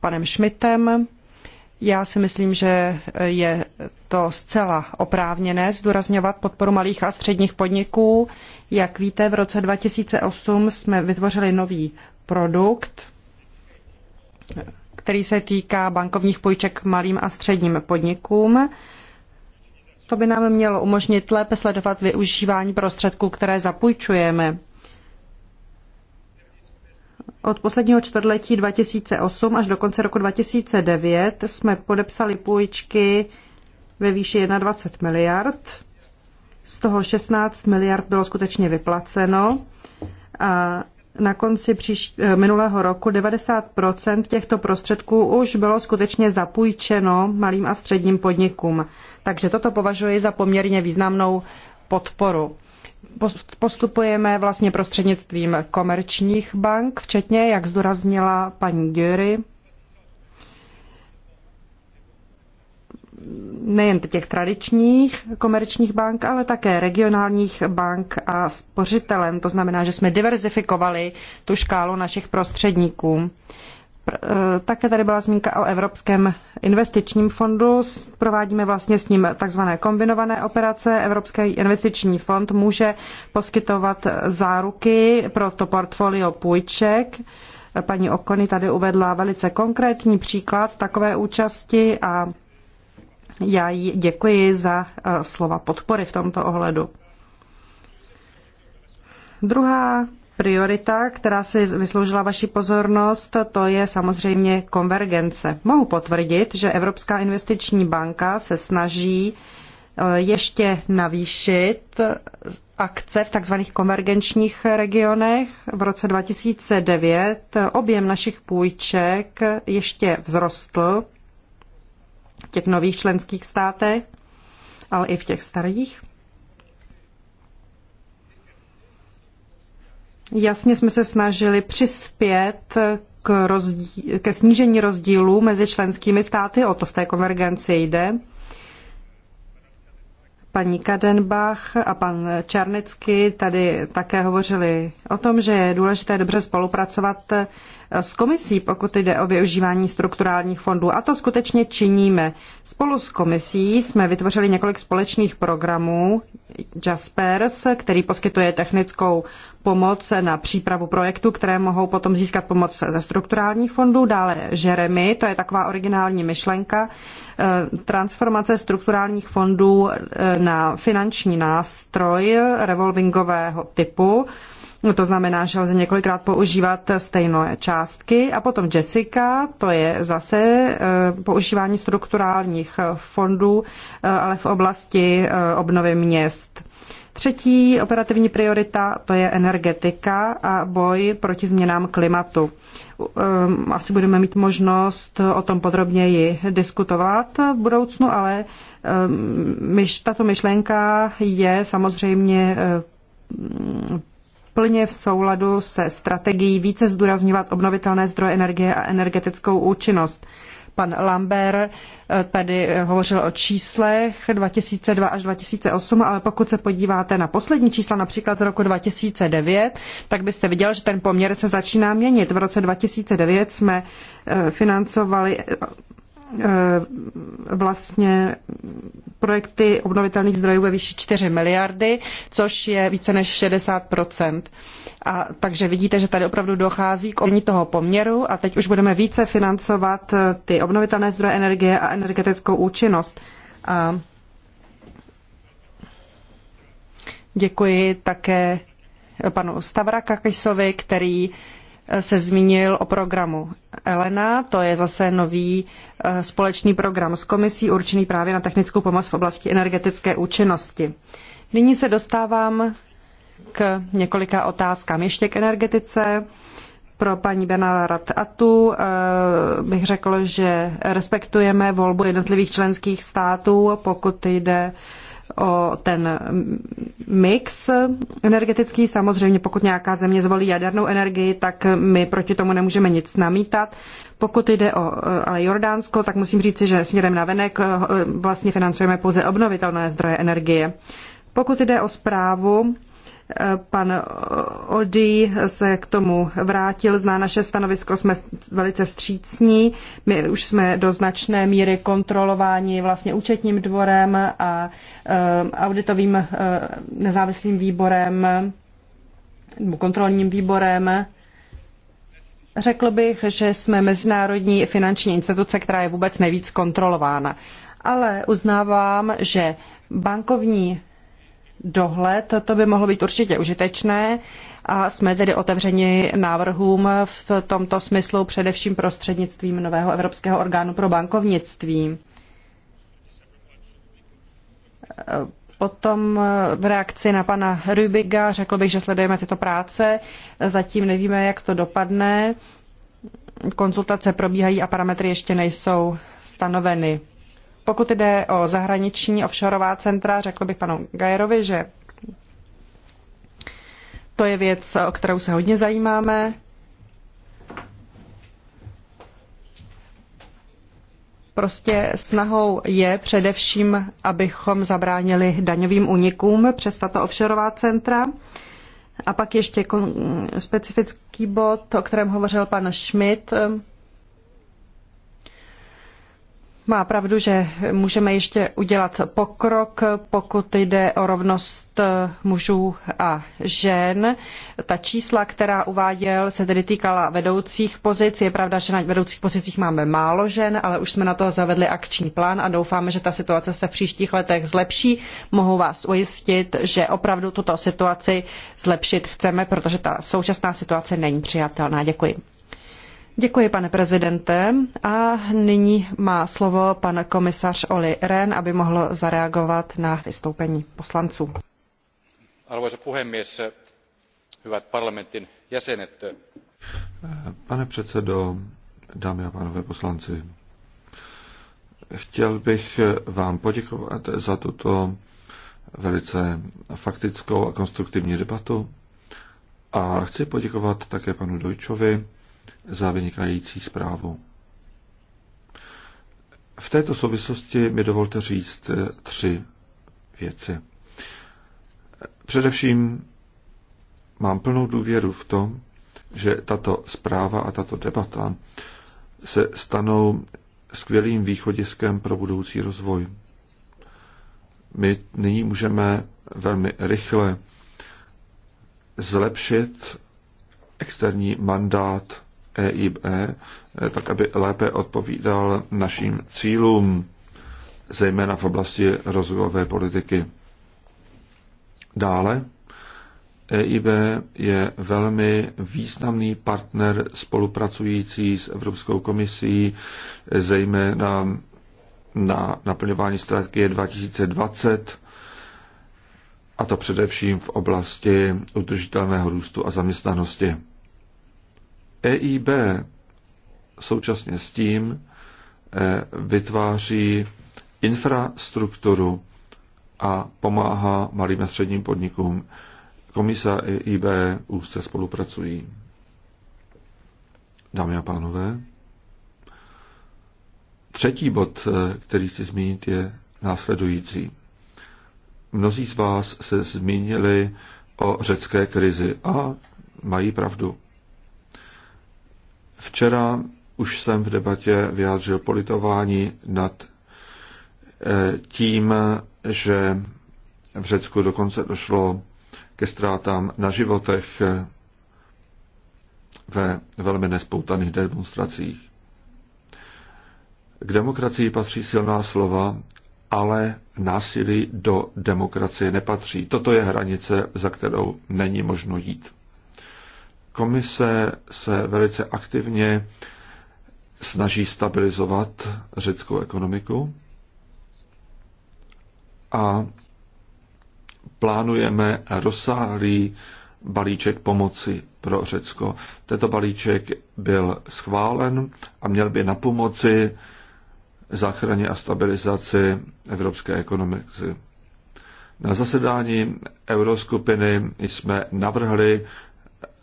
panem Schmidtem. Já si myslím, že je to zcela oprávněné zdůrazňovat podporu malých a středních podniků. Jak víte, v roce 2008 jsme vytvořili nový produkt, který se týká bankovních půjček malým a středním podnikům. To by nám mělo umožnit lépe sledovat využívání prostředků, které zapůjčujeme. Od posledního čtvrtletí 2008 až do konce roku 2009 jsme podepsali půjčky ve výši 21 miliard. Z toho 16 miliard bylo skutečně vyplaceno. A na konci příš, eh, minulého roku 90 těchto prostředků už bylo skutečně zapůjčeno malým a středním podnikům. Takže toto považuji za poměrně významnou podporu. Postupujeme vlastně prostřednictvím komerčních bank, včetně, jak zdůraznila paní Dury, nejen těch tradičních komerčních bank, ale také regionálních bank a spořitelen. To znamená, že jsme diverzifikovali tu škálu našich prostředníků. E, také tady byla zmínka o Evropském investičním fondu. Provádíme vlastně s ním takzvané kombinované operace. Evropský investiční fond může poskytovat záruky pro to portfolio půjček. Paní Okony tady uvedla velice konkrétní příklad takové účasti a já jí děkuji za eh, slova podpory v tomto ohledu. Druhá priorita, která si vysloužila vaši pozornost, to je samozřejmě konvergence. Mohu potvrdit, že Evropská investiční banka se snaží eh, ještě navýšit eh, akce v tzv. konvergenčních regionech. V roce 2009 objem našich půjček ještě vzrostl těch nových členských státech, ale i v těch starých. Jasně jsme se snažili přispět k rozdíl, ke snížení rozdílů mezi členskými státy, o to v té konvergenci jde. Paní Kadenbach a pan Čarnecky tady také hovořili o tom, že je důležité dobře spolupracovat s komisí, pokud jde o využívání strukturálních fondů. A to skutečně činíme. Spolu s komisí jsme vytvořili několik společných programů Jaspers, který poskytuje technickou pomoc na přípravu projektu, které mohou potom získat pomoc ze strukturálních fondů. Dále Jeremy, to je taková originální myšlenka, eh, transformace strukturálních fondů eh, na finanční nástroj revolvingového typu. No to znamená, že lze několikrát používat stejné částky. A potom Jessica, to je zase eh, používání strukturálních fondů, eh, ale v oblasti eh, obnovy měst. Třetí operativní priorita to je energetika a boj proti změnám klimatu. Asi budeme mít možnost o tom podrobněji diskutovat v budoucnu, ale tato myšlenka je samozřejmě plně v souladu se strategií více zdůrazňovat obnovitelné zdroje energie a energetickou účinnost. Pan Lambert eh, tady eh, hovořil o číslech 2002 až 2008, ale pokud se podíváte na poslední čísla, například z roku 2009, tak byste viděl, že ten poměr se začíná měnit. V roce 2009 jsme eh, financovali Eh, vlastně projekty obnovitelných zdrojů ve výši 4 miliardy, což je více než 60 A takže vidíte, že tady opravdu dochází k omní toho poměru a teď už budeme více financovat eh, ty obnovitelné zdroje energie a energetickou účinnost. A děkuji také panu Stavra Kakisovi, který se zmínil o programu Elena, to je zase nový eh, společný program s komisí určený právě na technickou pomoc v oblasti energetické účinnosti. Nyní se dostávám k několika otázkám ještě k energetice. Pro paní Benarat Atu eh, bych řekl, že respektujeme volbu jednotlivých členských států, pokud jde o ten mix energetický. Samozřejmě, pokud nějaká země zvolí jadernou energii, tak my proti tomu nemůžeme nic namítat. Pokud jde o eh, ale Jordánsko, tak musím říci, že směrem na venek eh, vlastně financujeme pouze obnovitelné zdroje energie. Pokud jde o zprávu Pan Odi se k tomu vrátil, zná naše stanovisko, jsme velice vstřícní. My už jsme do značné míry kontrolováni vlastně účetním dvorem a eh, auditovým eh, nezávislým výborem nebo kontrolním výborem. Řekl bych, že jsme mezinárodní finanční instituce, která je vůbec nejvíc kontrolována. Ale uznávám, že bankovní dohled, to by mohlo být určitě užitečné a jsme tedy otevřeni návrhům v tomto smyslu především prostřednictvím nového Evropského orgánu pro bankovnictví. Potom v reakci na pana Rubiga řekl bych, že sledujeme tyto práce. Zatím nevíme, jak to dopadne. Konzultace probíhají a parametry ještě nejsou stanoveny. Pokud jde o zahraniční offshoreová centra, řekl bych panu Gajerovi, že to je věc, o kterou se hodně zajímáme. Prostě snahou je především, abychom zabránili daňovým unikům přes tato offshoreová centra. A pak ještě specifický bod, o kterém hovořil pan Schmidt, má pravdu, že můžeme ještě udělat pokrok, pokud jde o rovnost mužů a žen. Ta čísla, která uváděl, se tedy týkala vedoucích pozic. Je pravda, že na vedoucích pozicích máme málo žen, ale už jsme na to zavedli akční plán a doufáme, že ta situace se v příštích letech zlepší. Mohu vás ujistit, že opravdu tuto situaci zlepšit chceme, protože ta současná situace není přijatelná. Děkuji. Děkuji, pane prezidente. A nyní má slovo pan komisař Oli Rehn, aby mohl zareagovat na vystoupení poslanců. Arvoisa puhemies, hyvät parlamentin jäsenet. Pane předsedo, dámy a pánové poslanci, chtěl bych vám poděkovat za tuto velice faktickou a konstruktivní debatu a chci poděkovat také panu Dojčovi, za vynikající zprávu. V této souvislosti mi dovolte říct eh, tři věci. Především mám plnou důvěru v tom, že tato zpráva a tato debata se stanou skvělým východiskem pro budoucí rozvoj. My nyní můžeme velmi rychle zlepšit externí mandát EIB, eh, tak aby lépe odpovídal našim cílům, zejména v oblasti rozvojové politiky. Dále, EIB je velmi významný partner spolupracující s Evropskou komisí, zejména na naplňování strategie 2020, a to především v oblasti udržitelného růstu a zaměstnanosti. EIB současně s tím e, vytváří infrastrukturu a pomáhá malým a středním podnikům. Komisa EIB úzce spolupracují. Dámy a pánové, třetí bod, e, který chci zmínit, je následující. Mnozí z vás se zmínili o řecké krizi a mají pravdu. Včera už jsem v debatě vyjádřil politování nad eh, tím, že v Řecku dokonce došlo ke ztrátám na životech eh, ve velmi nespoutaných demonstracích. K demokracii patří silná slova, ale násilí do demokracie nepatří. Toto je hranice, za kterou není možno jít. Komise se velice aktivně snaží stabilizovat řeckou ekonomiku a plánujeme rozsáhlý balíček pomoci pro Řecko. Tento balíček byl schválen a měl by na pomoci záchraně a stabilizaci evropské ekonomiky. Na zasedání euroskupiny jsme navrhli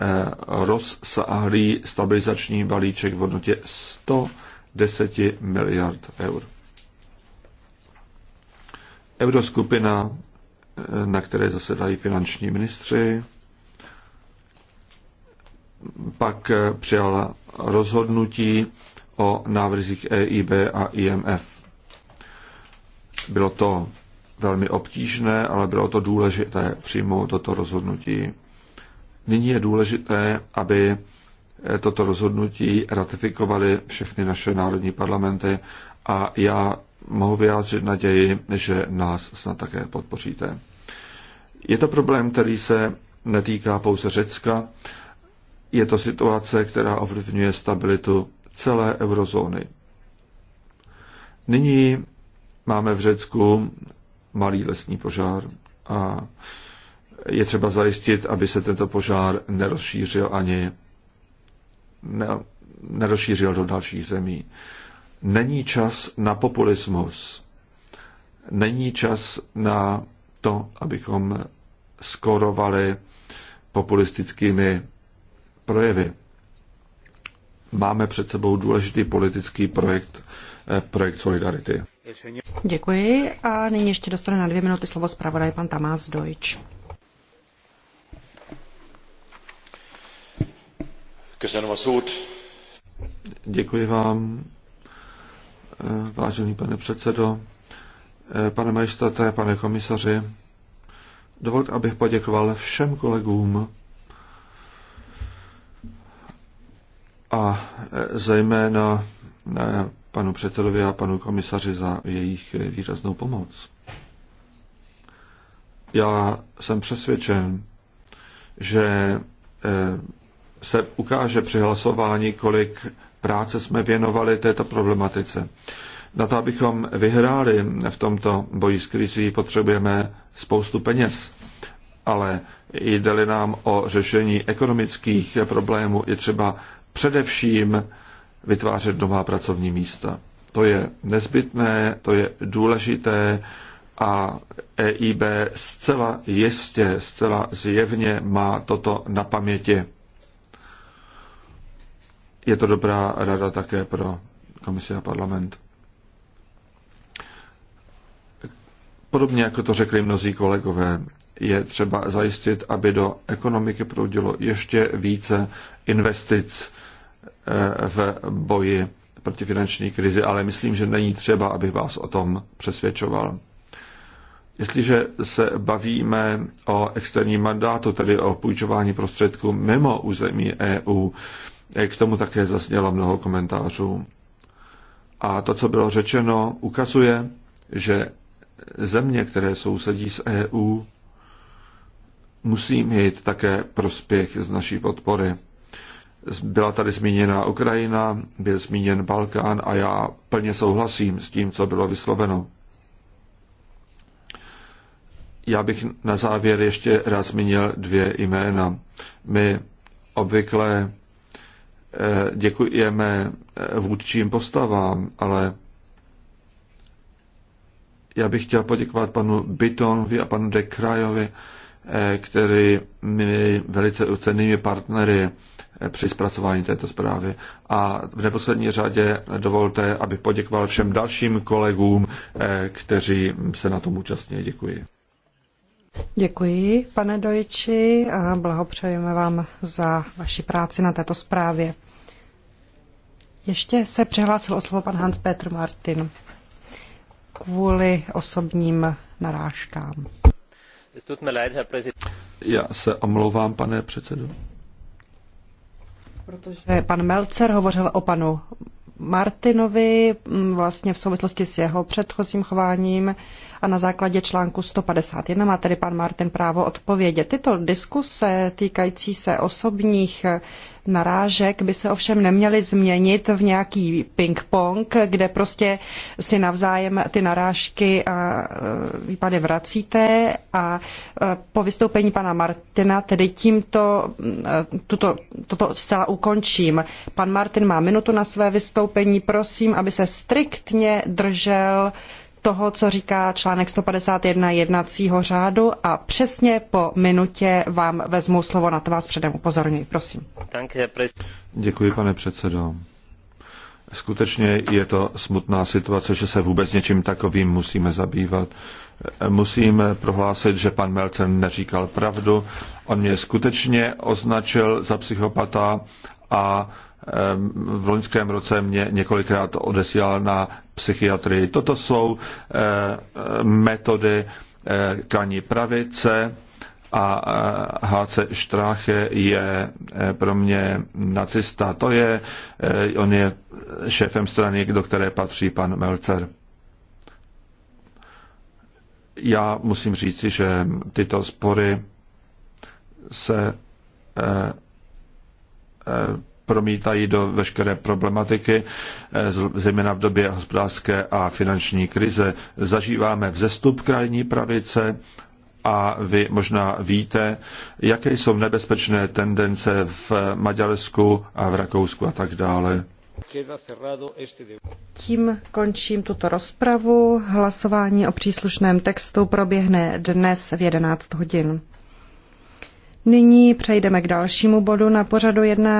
Eh, rozsáhlý stabilizační balíček v hodnotě 110 miliard eur. Euroskupina, eh, na které zasedají finanční ministři, pak eh, přijala rozhodnutí o návrzích EIB a IMF. Bylo to velmi obtížné, ale bylo to důležité přijmout toto rozhodnutí. Nyní je důležité, aby toto rozhodnutí ratifikovaly všechny naše národní parlamenty a já mohu vyjádřit naději, že nás snad také podpoříte. Je to problém, který se netýká pouze Řecka, je to situace, která ovlivňuje stabilitu celé eurozóny. Nyní máme v Řecku malý lesní požár a je třeba zajistit, aby se tento požár nerozšířil ani ne, nerozšířil do dalších zemí. Není čas na populismus. Není čas na to, abychom skorovali populistickými projevy. Máme před sebou důležitý politický projekt, eh, projekt Solidarity. Děkuji a nyní ještě dostane na dvě minuty slovo zpravodaj pan Tamás Dojč. Köszönöm a szót. Děkuji vám, eh, vážený pane předsedo, eh, pane majestate, pane komisaři. Dovolte, abych poděkoval všem kolegům a eh, zejména panu předsedovi a panu komisaři za jejich výraznou pomoc. Já jsem přesvědčen, že se ukáže při hlasování, kolik práce jsme věnovali této problematice. Na to, abychom vyhráli v tomto boji s krizí, potřebujeme spoustu peněz. Ale jde-li nám o řešení ekonomických problémů, je třeba především vytvářet nová pracovní místa. To je nezbytné, to je důležité a EIB zcela jistě, zcela zjevně má toto na paměti je to dobrá rada také pro komisi a parlament. Podobně jako to řekli mnozí kolegové, je třeba zajistit, aby do ekonomiky proudilo ještě více investic eh, v boji proti finanční krizi, ale myslím, že není třeba, abych vás o tom přesvědčoval. Jestliže se bavíme o externím mandátu, tedy o půjčování prostředků mimo území EU, Eh, k tomu také zasnělo mnoho komentářů. A to, co bylo řečeno, ukazuje, že země, které sousedí s EU, musí mít také prospěch z naší podpory. Byla tady zmíněna Ukrajina, byl zmíněn Balkán a já plně souhlasím s tím, co bylo vysloveno. Já bych na závěr ještě rád zmínil dvě jména. My obvykle děkujeme eh, vůdčím postavám, ale já bych chtěl poděkovat panu Bitonovi a panu De Krajovi, eh, který mi velice ucenými partnery eh, při zpracování této zprávy. A v neposlední řadě dovolte, aby poděkoval všem dalším kolegům, kteří se na tom účastní. Děkuji. Děkuji, pane Dojči, a blahopřejeme vám za vaši práci na této zprávě. Ještě se přihlásil o slovo pan Hans-Petr Martin kvůli osobním narážkám. Já se omlouvám, pane předsedo. Protože pan Melcer hovořil o panu Martinovi mm, vlastně v souvislosti s jeho předchozím chováním a na základě článku 151 má tedy pan Martin právo odpovědět. Tyto diskuse týkající se osobních narážek by se ovšem neměly změnit v nějaký ping-pong, kde prostě si navzájem ty narážky a e, výpady vracíte a e, po vystoupení pana Martina tedy tímto e, tuto, toto zcela ukončím. Pan Martin má minutu na své vystoupení, prosím, aby se striktně držel toho, co říká článek 151 jednacího řádu a přesně po minutě vám vezmu slovo, na to vás předem upozorňuji. Prosím. Děkuji, pane předsedo. Skutečně je to smutná situace, že se vůbec něčím takovým musíme zabývat. Musím prohlásit, že pan Melcer neříkal pravdu. On mě skutečně označil za psychopata a Ehm, v loňském roce mě několikrát odesílal na psychiatrii. Toto jsou ehm, metody ehm, kraní pravice a HC Strache je pro mě nacista. To je, on je šéfem strany, do které patří pan Melcer. Já musím říci, že tyto spory se promítají do veškeré problematiky, eh, zejména v době hospodářské a finanční krize. Zažíváme vzestup krajní pravice a vy možná víte, jaké jsou nebezpečné tendence v Maďarsku a v Rakousku a tak dále. Tím končím tuto rozpravu. Hlasování o příslušném textu proběhne dnes v 11 hodin. Nyní přejdeme k dalšímu bodu na pořadu jednání.